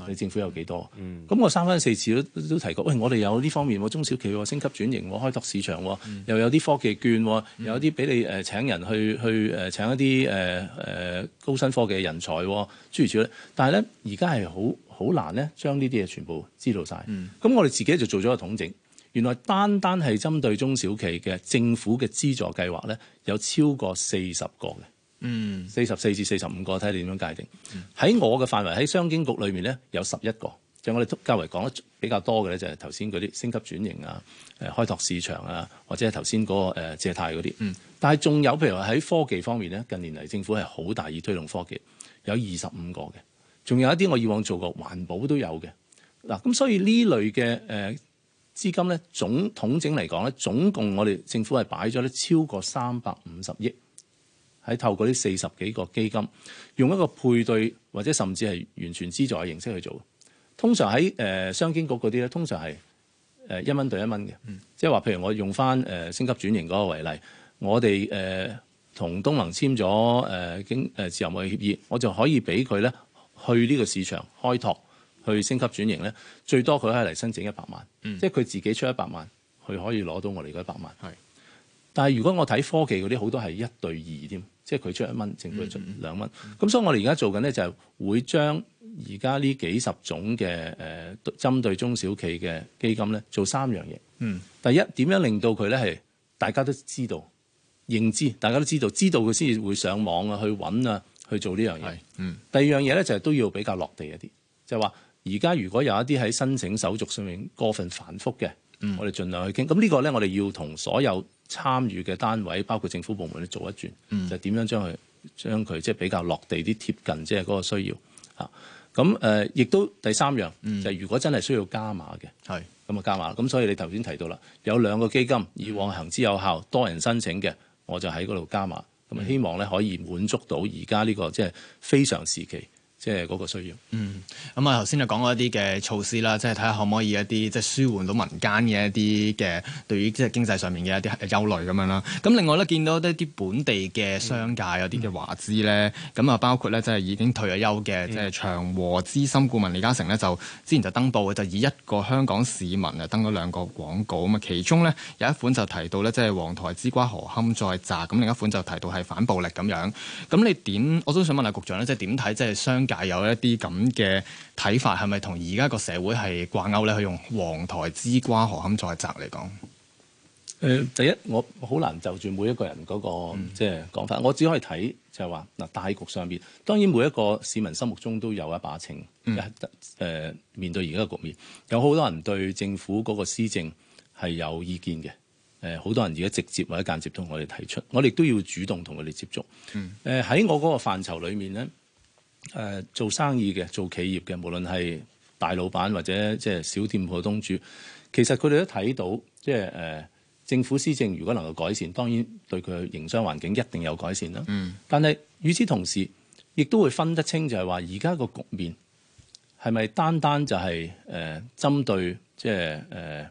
你政府有幾多？咁我三番四次都都提過，喂，我哋有呢方面，中小企喎，升級轉型喎，開拓市場，又有啲科技券，又有啲俾你誒、呃、請人去去誒、呃、請一啲誒、呃呃、高新科技人才，諸如此類。但係咧，而家係好好難咧，將呢啲嘢全部知道晒。咁我哋自己就做咗個統整，原來單單係針對中小企嘅政府嘅資助計劃咧，有超過四十個嘅。嗯，四十四至四十五個，睇下你點樣界定。喺我嘅範圍，喺商經局裏面咧，有十一個，就我哋較為講得比較多嘅咧，就係頭先嗰啲升級轉型啊，誒、呃、開拓市場啊，或者係頭先嗰個、呃、借貸嗰啲。嗯，但係仲有譬如話喺科技方面咧，近年嚟政府係好大意推動科技，有二十五個嘅，仲有一啲我以往做過環保都有嘅。嗱、啊，咁所以類、呃、資呢類嘅誒資金咧，總統整嚟講咧，總共我哋政府係擺咗咧超過三百五十億。喺透過呢四十幾個基金，用一個配對或者甚至係完全資助嘅形式去做。通常喺誒商經局嗰啲咧，通常係誒一蚊對一蚊嘅，即係話譬如我用翻誒升級轉型嗰個為例，我哋誒同東盟簽咗誒經誒自由貿易協議，我就可以俾佢咧去呢個市場開拓，去升級轉型咧，最多佢係嚟申請一百萬，嗯、即係佢自己出一百萬，佢可以攞到我哋嗰一百萬。係。但如果我睇科技嗰啲好多係一對二添，即係佢出一蚊，政府出兩蚊。咁、嗯、所以我哋而家做緊咧就係會將而家呢幾十種嘅誒、呃，針對中小企嘅基金咧做三樣嘢。嗯、第一點樣令到佢咧係大家都知道認知，大家都知道知道佢先至會上網啊去搵啊去做呢樣嘢。嗯。第二樣嘢咧就係、是、都要比較落地一啲，就係話而家如果有一啲喺申請手續上面過分繁複嘅、嗯，我哋盡量去傾。咁呢個咧我哋要同所有參與嘅單位包括政府部門咧做一轉，就點、嗯、樣將佢將佢即係比較落地啲貼近，即係嗰個需要嚇。咁、啊、誒，亦、呃、都第三樣、嗯、就係如果真係需要加碼嘅，係咁啊加碼。咁所以你頭先提到啦，有兩個基金以往行之有效，多人申請嘅，我就喺嗰度加碼。咁、嗯、希望咧可以滿足到而家呢個即係、就是、非常時期。即係嗰個需要。嗯，咁啊頭先就講嗰一啲嘅措施啦，即係睇下可唔可以一啲即係舒緩到民間嘅一啲嘅對於即係經濟上面嘅一啲憂慮咁樣啦。咁、嗯、另外咧，見到一啲本地嘅商界、嗯、有啲嘅華資咧，咁啊、嗯、包括咧即係已經退咗休嘅即係長和資深顧問李嘉誠咧，就之前就登報就以一個香港市民啊登咗兩個廣告，咁啊其中咧有一款就提到咧即係黃台之瓜何堪再摘；咁另一款就提到係反暴力咁樣。咁你點我都想問下局長咧，即係點睇即係商界？係有一啲咁嘅睇法，係咪同而家個社會係掛鈎咧？去用黃台之瓜何堪再摘嚟講？誒、呃，第一我好難就住每一個人嗰、那個即係講法，我只可以睇就係話嗱，大局上邊，當然每一個市民心目中都有一把秤。誒、嗯呃、面對而家嘅局面，有好多人對政府嗰個施政係有意見嘅，誒、呃，好多人而家直接或者間接都同我哋提出，我哋都要主動同佢哋接觸。誒喺、嗯呃、我嗰個範疇裏面咧。誒做生意嘅做企業嘅，無論係大老闆或者即係小店鋪嘅東主，其實佢哋都睇到，即係誒政府施政如果能夠改善，當然對佢嘅營商環境一定有改善啦。嗯，但係與此同時，亦都會分得清就是說，就係話而家個局面係咪單單就係、是、誒、呃、針對即係誒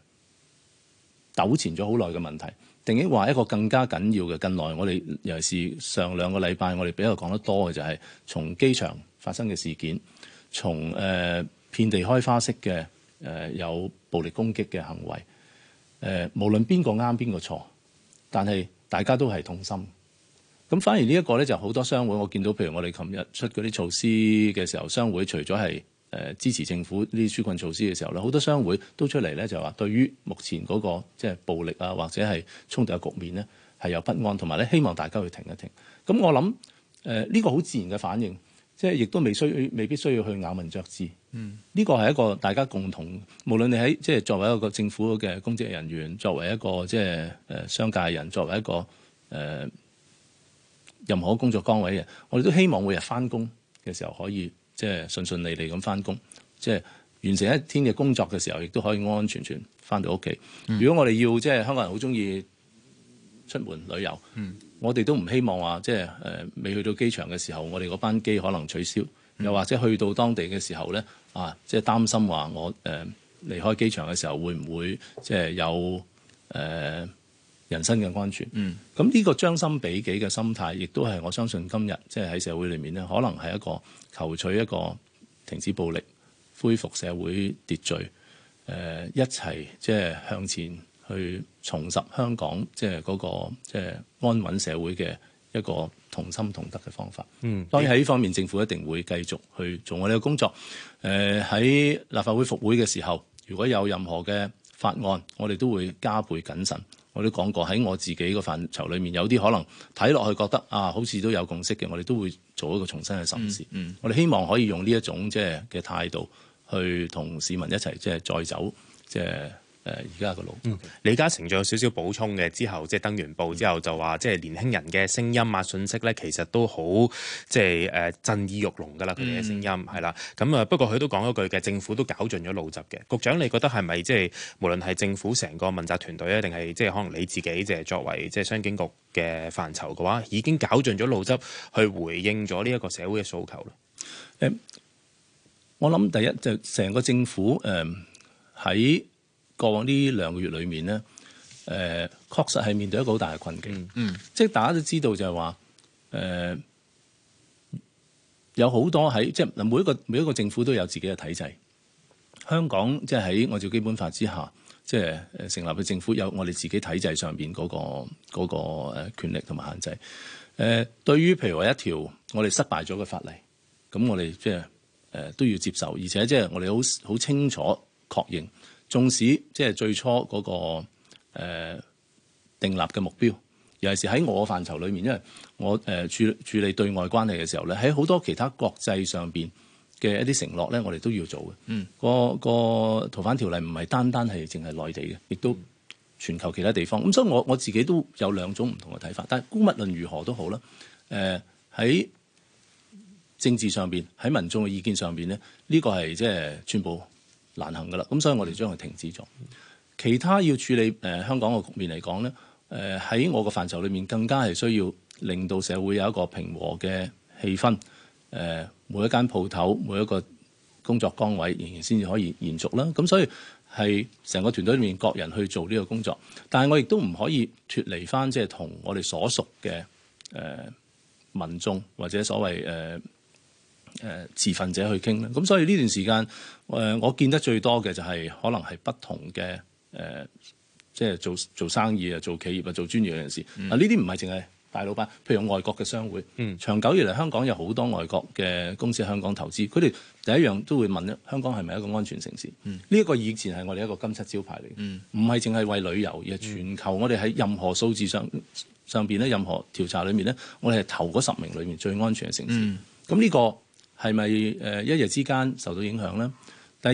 糾纏咗好耐嘅問題？定係話一個更加緊要嘅，近來我哋尤其是上兩個禮拜，我哋比較講得多嘅就係從機場發生嘅事件，從誒、呃、遍地開花式嘅、呃、有暴力攻擊嘅行為。呃、無論邊個啱邊個錯，但係大家都係痛心。咁反而呢一個咧，就好多商會，我見到譬如我哋琴日出嗰啲措施嘅時候，商會除咗係，誒支持政府呢啲紓困措施嘅時候咧，好多商會都出嚟咧，就話對於目前嗰個即係暴力啊，或者係衝突嘅局面咧，係有不安，同埋咧希望大家去停一停。咁我諗誒呢個好自然嘅反應，即係亦都未需未必需要去咬文嚼字。嗯，呢個係一個大家共同，無論你喺即係作為一個政府嘅公職人員，作為一個即係誒商界人，作為一個誒任何工作崗位嘅，我哋都希望每日翻工嘅時候可以。即係順順利利咁翻工，即係完成一天嘅工作嘅時候，亦都可以安安全全翻到屋企。如果我哋要即係香港人好中意出門旅遊，嗯、我哋都唔希望話即係未去到機場嘅時候，我哋嗰班機可能取消，嗯、又或者去到當地嘅時候呢，啊，即係擔心話我誒離開機場嘅時候會唔會即係有誒人身嘅關注，咁呢個將心比己嘅心態，亦都係我相信今日即係喺社會裏面咧，可能係一個求取一個停止暴力、恢復社會秩序，呃、一齊即係向前去重拾香港即係嗰個即係安穩社會嘅一個同心同德嘅方法。嗯，當然喺呢方面，政府一定會繼續去做我哋嘅工作。誒、呃、喺立法會復會嘅時候，如果有任何嘅法案，我哋都會加倍謹慎。我都講過喺我自己個範疇裏面，有啲可能睇落去覺得啊，好似都有共識嘅，我哋都會做一個重新嘅審視。嗯，嗯。我哋希望可以用呢一種即係嘅態度去同市民一齊即係再走即係。呃誒而家個路，Okay. 李嘉誠仲有少少補充嘅，之後即係、就是、登完報之後就話，即、就、係、是、年輕人嘅聲音啊、信息咧，其實都好即係誒震耳欲聾㗎喇，佢哋嘅聲音係啦。咁啊、嗯，不過佢都講咗句嘅，政府都搞盡咗路執嘅。局長，你覺得係咪即係無論係政府成個問責團隊啊，定係即係可能你自己就係作為即係商經局嘅範疇嘅話，已經搞盡咗路執去回應咗呢一個社會嘅訴求咧？誒、嗯，我諗第一就成、是、個政府誒喺。嗯過往呢兩個月裏面咧，誒、呃，確實係面對一個好大嘅困境。嗯，嗯即係大家都知道就是說，就係話，誒，有好多喺即係每一個每一個政府都有自己嘅體制。香港即係喺按照基本法之下，即係誒成立嘅政府有我哋自己體制上邊嗰、那個嗰、那個誒權力同埋限制。誒、呃，對於譬如話一條我哋失敗咗嘅法例，咁我哋即係誒、呃、都要接受，而且即係我哋好好清楚確認。縱使即係最初嗰、那個誒、呃、定立嘅目標，尤其是喺我的範疇裏面，因為我誒處、呃、處理對外關係嘅時候咧，喺好多其他國際上邊嘅一啲承諾咧，我哋都要做嘅。嗯，個個逃犯條例唔係單單係淨係內地嘅，亦都全球其他地方。咁所以我我自己都有兩種唔同嘅睇法。但係，姑勿論如何都好啦。誒、呃、喺政治上邊，喺民眾嘅意見上邊咧，呢、這個係即係全部。難行噶啦，咁所以我哋將佢停止咗。其他要處理誒、呃、香港個局面嚟講咧，誒、呃、喺我個範疇裏面更加係需要令到社會有一個平和嘅氣氛。誒、呃，每一間鋪頭、每一個工作崗位，仍然先至可以延續啦。咁、呃、所以係成個團隊裏面，各人去做呢個工作，但係我亦都唔可以脱離返，即係同我哋所屬嘅誒、呃、民眾或者所謂誒。呃誒持份者去傾，咁所以呢段時間、呃、我見得最多嘅就係、是、可能係不同嘅、呃、即係做做生意啊、做企業啊、做專業嘅人士。啊、嗯，呢啲唔係淨係大老闆，譬如外國嘅商會，嗯、長久以嚟香港有好多外國嘅公司喺香港投資，佢哋第一樣都會問香港係咪一個安全城市？呢一、嗯、個以前係我哋一個金漆招牌嚟，唔係淨係為旅遊而係全球，我哋喺任何數字上上邊咧，嗯、任何調查裏面咧，我哋係頭嗰十名裏面最安全嘅城市。咁呢、嗯這個。係咪誒一日之間受到影響咧？第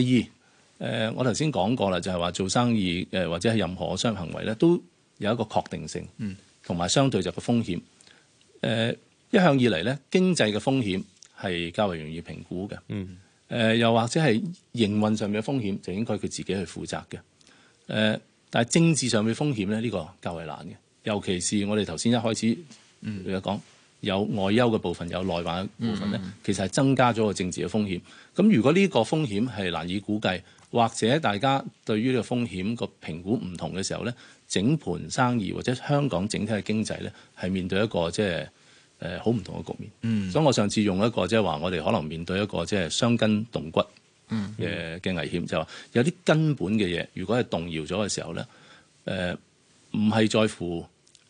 二誒，我頭先講過啦，就係話做生意誒，或者係任何商業行為咧，都有一個確定性，同埋相對就嘅風險。誒一向以嚟咧，經濟嘅風險係較為容易評估嘅。誒又或者係營運上面嘅風險，就應該佢自己去負責嘅。誒，但係政治上面嘅風險咧，呢個較為難嘅，尤其是我哋頭先一開始你講。有外憂嘅部分，有內患嘅部分咧，其實係增加咗個政治嘅風險。咁如果呢個風險係難以估計，或者大家對於呢個風險個評估唔同嘅時候咧，整盤生意或者香港整體嘅經濟咧，係面對一個即係誒好唔同嘅局面。嗯、所以我上次用一個即係話，我哋可能面對一個即係傷筋動骨嘅嘅危險，嗯、就話有啲根本嘅嘢，如果係動搖咗嘅時候咧，誒唔係在乎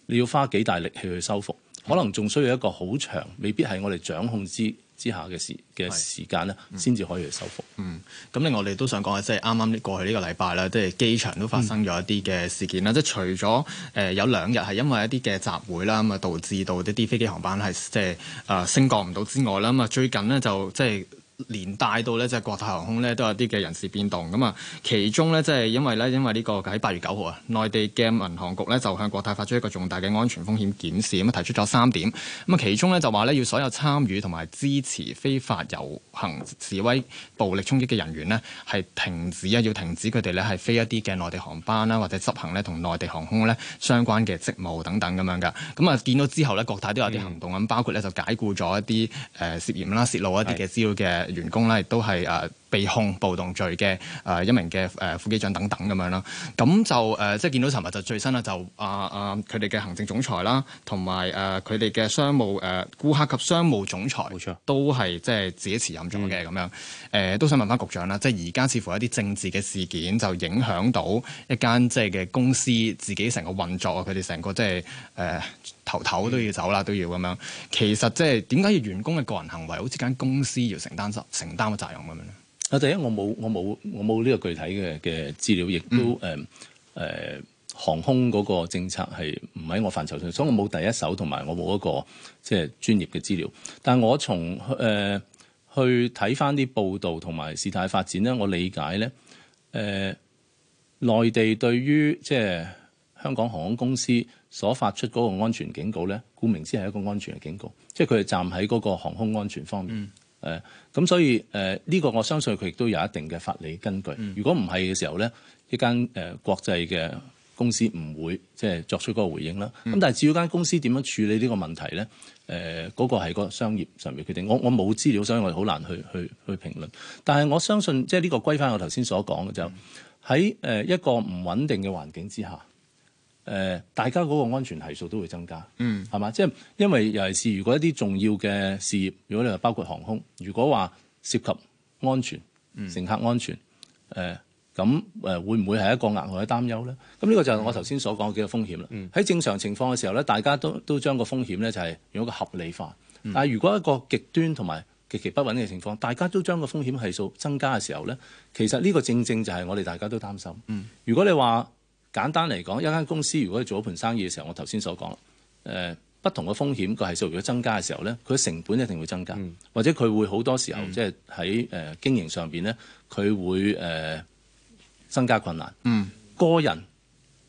你要花幾大力氣去修復。可能仲需要一個好長，未必係我哋掌控之之下嘅時嘅時間咧，先至可以去收復。嗯，咁、嗯、另外我哋都想講嘅即係啱啱過過去呢個禮拜啦，即係機場都發生咗一啲嘅事件啦。即係、嗯、除咗有兩日係因為一啲嘅集會啦，咁啊導致到一啲飛機航班係即係升降唔到之外啦，咁啊最近咧就即係。就是連帶到呢，即係國泰航空呢，都有啲嘅人事變動咁啊。其中呢，即係因為呢，因為呢個喺八月九號啊，內地嘅民航局呢，就向國泰發出一個重大嘅安全風險檢視，咁啊提出咗三點。咁啊，其中呢，就話呢，要所有參與同埋支持非法遊行示威、暴力衝擊嘅人員呢，係停止啊，要停止佢哋呢，係飛一啲嘅內地航班啦，或者執行呢同內地航空呢相關嘅職務等等咁樣噶。咁啊，見到之後呢，國泰都有啲行動咁，嗯、包括呢，就解雇咗一啲誒、呃、涉嫌啦、泄露一啲嘅資料嘅。員工咧，亦都係誒被控暴動罪嘅誒、呃、一名嘅誒、呃、副機長等等咁樣啦，咁就誒即係見到尋日就最新啦，就啊啊佢哋嘅行政總裁啦，同埋誒佢哋嘅商務誒、呃、顧客及商務總裁，冇錯，都係即係自己辭任咗嘅咁樣。誒、嗯呃、都想問翻局長啦，即係而家似乎一啲政治嘅事件就影響到一間即係嘅公司自己成個運作啊，佢哋成個即係誒。呃頭頭都要走啦，都要咁樣。其實即係點解要員工嘅個人行為，好似間公司要承擔責承擔嘅責任咁樣咧？啊，第一我冇我冇我冇呢個具體嘅嘅資料，亦都誒誒、嗯呃、航空嗰個政策係唔喺我範疇上，所以我冇第一手同埋我冇一、嗰個即係專業嘅資料。但我從誒、呃、去睇翻啲報道同埋事態發展咧，我理解咧誒、呃、內地對於即係。香港航空公司所發出嗰個安全警告咧，顧名思義係一個安全嘅警告，即係佢係站喺嗰個航空安全方面。誒、嗯，咁、呃、所以誒呢、呃這個我相信佢亦都有一定嘅法理根據，嗯、如果唔係嘅時候咧，一間誒、呃、國際嘅公司唔會即係作出個回應啦。咁、嗯、但係至於間公司點樣處理呢個問題咧？誒、呃，那個個係個商業上面決定。我我冇資料，所以我哋好難去去去評論，但係我相信，即係呢個歸翻我頭先所講嘅，就喺誒、呃、一個唔穩定嘅環境之下。誒、呃，大家嗰個安全系數都會增加，嗯，係嘛？即係因為尤其是如果一啲重要嘅事業，如果你話包括航空，如果話涉及安全、嗯、乘客安全，誒、呃，咁誒會唔會係一個額外嘅擔憂咧？咁呢個就係我頭先所講嘅幾個風險啦。喺、嗯、正常情況嘅時候咧，大家都都將個風險咧就係用一個合理化。嗯、但係如果一個極端同埋極其不穩嘅情況，大家都將個風險系數增加嘅時候咧，其實呢個正正就係我哋大家都擔心。嗯、如果你話，簡單嚟講，一間公司如果你做一盤生意嘅時候，我頭先所講，誒、呃、不同嘅風險個係數如果增加嘅時候咧，佢成本一定會增加，嗯、或者佢會好多時候即係喺誒經營上邊咧，佢會誒、呃、增加困難。嗯、個人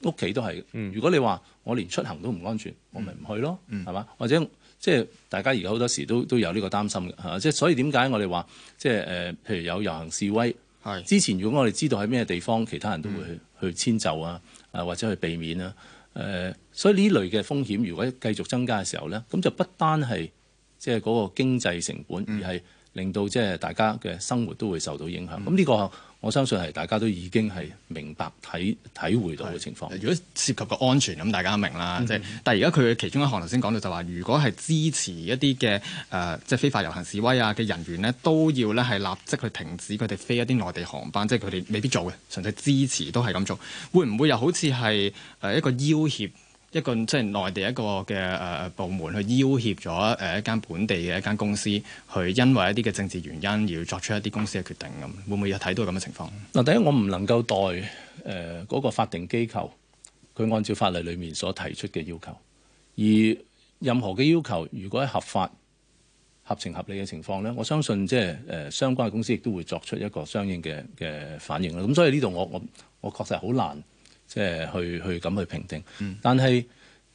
屋企都係，嗯、如果你話我連出行都唔安全，我咪唔去咯，係嘛、嗯？或者即係、就是、大家而家好多時都都有呢個擔心嘅，嚇！即係所以點解我哋話即係誒？譬如有遊行示威，是之前如果我哋知道喺咩地方，其他人都會去。嗯去遷就啊，啊或者去避免啦、啊，誒、呃，所以呢類嘅風險，如果繼續增加嘅時候呢，咁就不單係即係嗰個經濟成本，嗯、而係令到即係大家嘅生活都會受到影響。咁呢、嗯呢個。我相信係大家都已經係明白體體會到嘅情況。如果涉及個安全咁，大家明啦。即係、嗯，但係而家佢嘅其中一項頭先講到就說，就話如果係支持一啲嘅誒，即係非法遊行示威啊嘅人員呢，都要呢係立即去停止佢哋飛一啲內地航班，即係佢哋未必做嘅，純粹支持都係咁做。會唔會又好似係誒一個要脅？一個即係內地一個嘅誒部門去要挾咗誒一間本地嘅一間公司，佢因為一啲嘅政治原因而作出一啲公司嘅決定咁，會唔會有睇到咁嘅情況？嗱，第一我唔能夠代誒嗰、呃那個法定機構，佢按照法例裡面所提出嘅要求，而任何嘅要求，如果係合法、合情、合理嘅情況咧，我相信即係誒相關嘅公司亦都會作出一個相應嘅嘅反應啦。咁所以呢度我我我確實好難。即係去去咁去評定，嗯、但係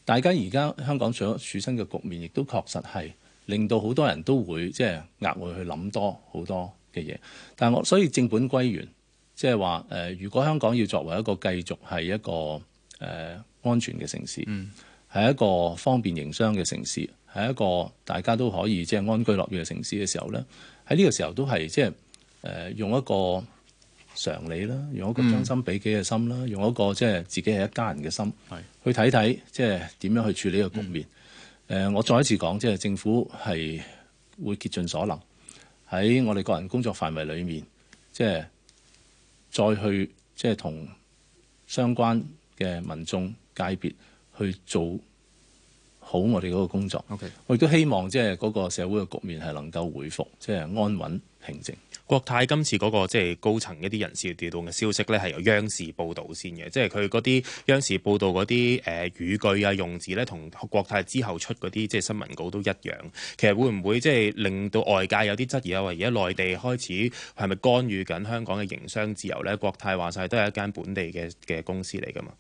大家而家香港所處，處身嘅局面，亦都確實係令到好多人都會即係、就是、額外去諗多好多嘅嘢。但係我所以正本歸原，即係話如果香港要作為一個繼續係一個、呃、安全嘅城市，係、嗯、一個方便營商嘅城市，係一個大家都可以即係、就是、安居樂業嘅城市嘅時候咧，喺呢個時候都係即係用一個。常理啦，用一個將心比己嘅心啦，嗯、用一個即係自己係一家人嘅心是去睇睇，即係點樣去處理個局面。誒、呃，我再一次講，即係政府係會竭盡所能喺我哋個人工作範圍裏面，即係再去即係同相關嘅民眾界別去做好我哋嗰個工作。Okay. 我亦都希望即係嗰個社會嘅局面係能夠回復，即係安穩平靜。國泰今次嗰個即係高層一啲人事調動嘅消息呢，係由央視報導先嘅，即係佢嗰啲央視報導嗰啲誒語句啊、用字呢，同國泰之後出嗰啲即係新聞稿都一樣。其實會唔會即係令到外界有啲質疑啊？話而家內地開始係咪干預緊香港嘅營商自由呢？國泰話晒都係一間本地嘅嘅公司嚟㗎嘛。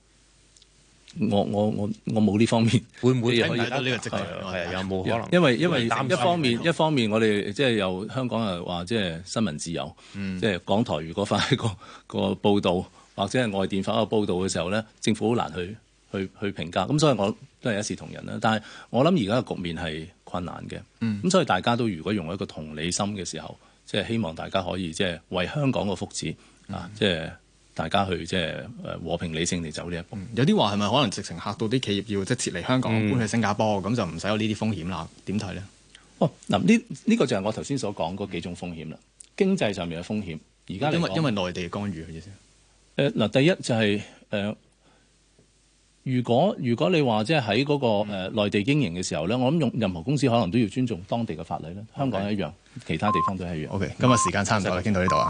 我我我我冇呢方面，會唔會影響呢個職位？係、啊、有冇可能？因為因為一方面一方面我，我哋即係由香港人話即係新聞自由，即係、嗯、港台如果發一個個報導或者係外電發一個報導嘅時候咧，政府好難去去去評價。咁所以我都係一視同仁啦。但係我諗而家嘅局面係困難嘅。咁、嗯、所以大家都如果用一個同理心嘅時候，即、就、係、是、希望大家可以即係、就是、為香港個福祉。嗯、啊，即、就、係、是。大家去即係誒和平理性地走呢一步，嗯、有啲話係咪可能直情嚇到啲企業要即係撤離香港搬，嗯、去新加坡，咁就唔使有呢啲風險啦？點睇呢？哦，嗱、呢、這、呢個就係我頭先所講嗰幾種風險啦。經濟上面嘅風險，而家因為因為內地嘅干預嘅嘢先。誒嗱、呃，第一就係、是、誒、呃，如果如果你話即係喺嗰個誒內地經營嘅時候咧，嗯、我諗用任何公司可能都要尊重當地嘅法例咧，香港係一樣，Okay. 其他地方都係一樣。O K，今日時間差唔多啦，傾實到呢度啊。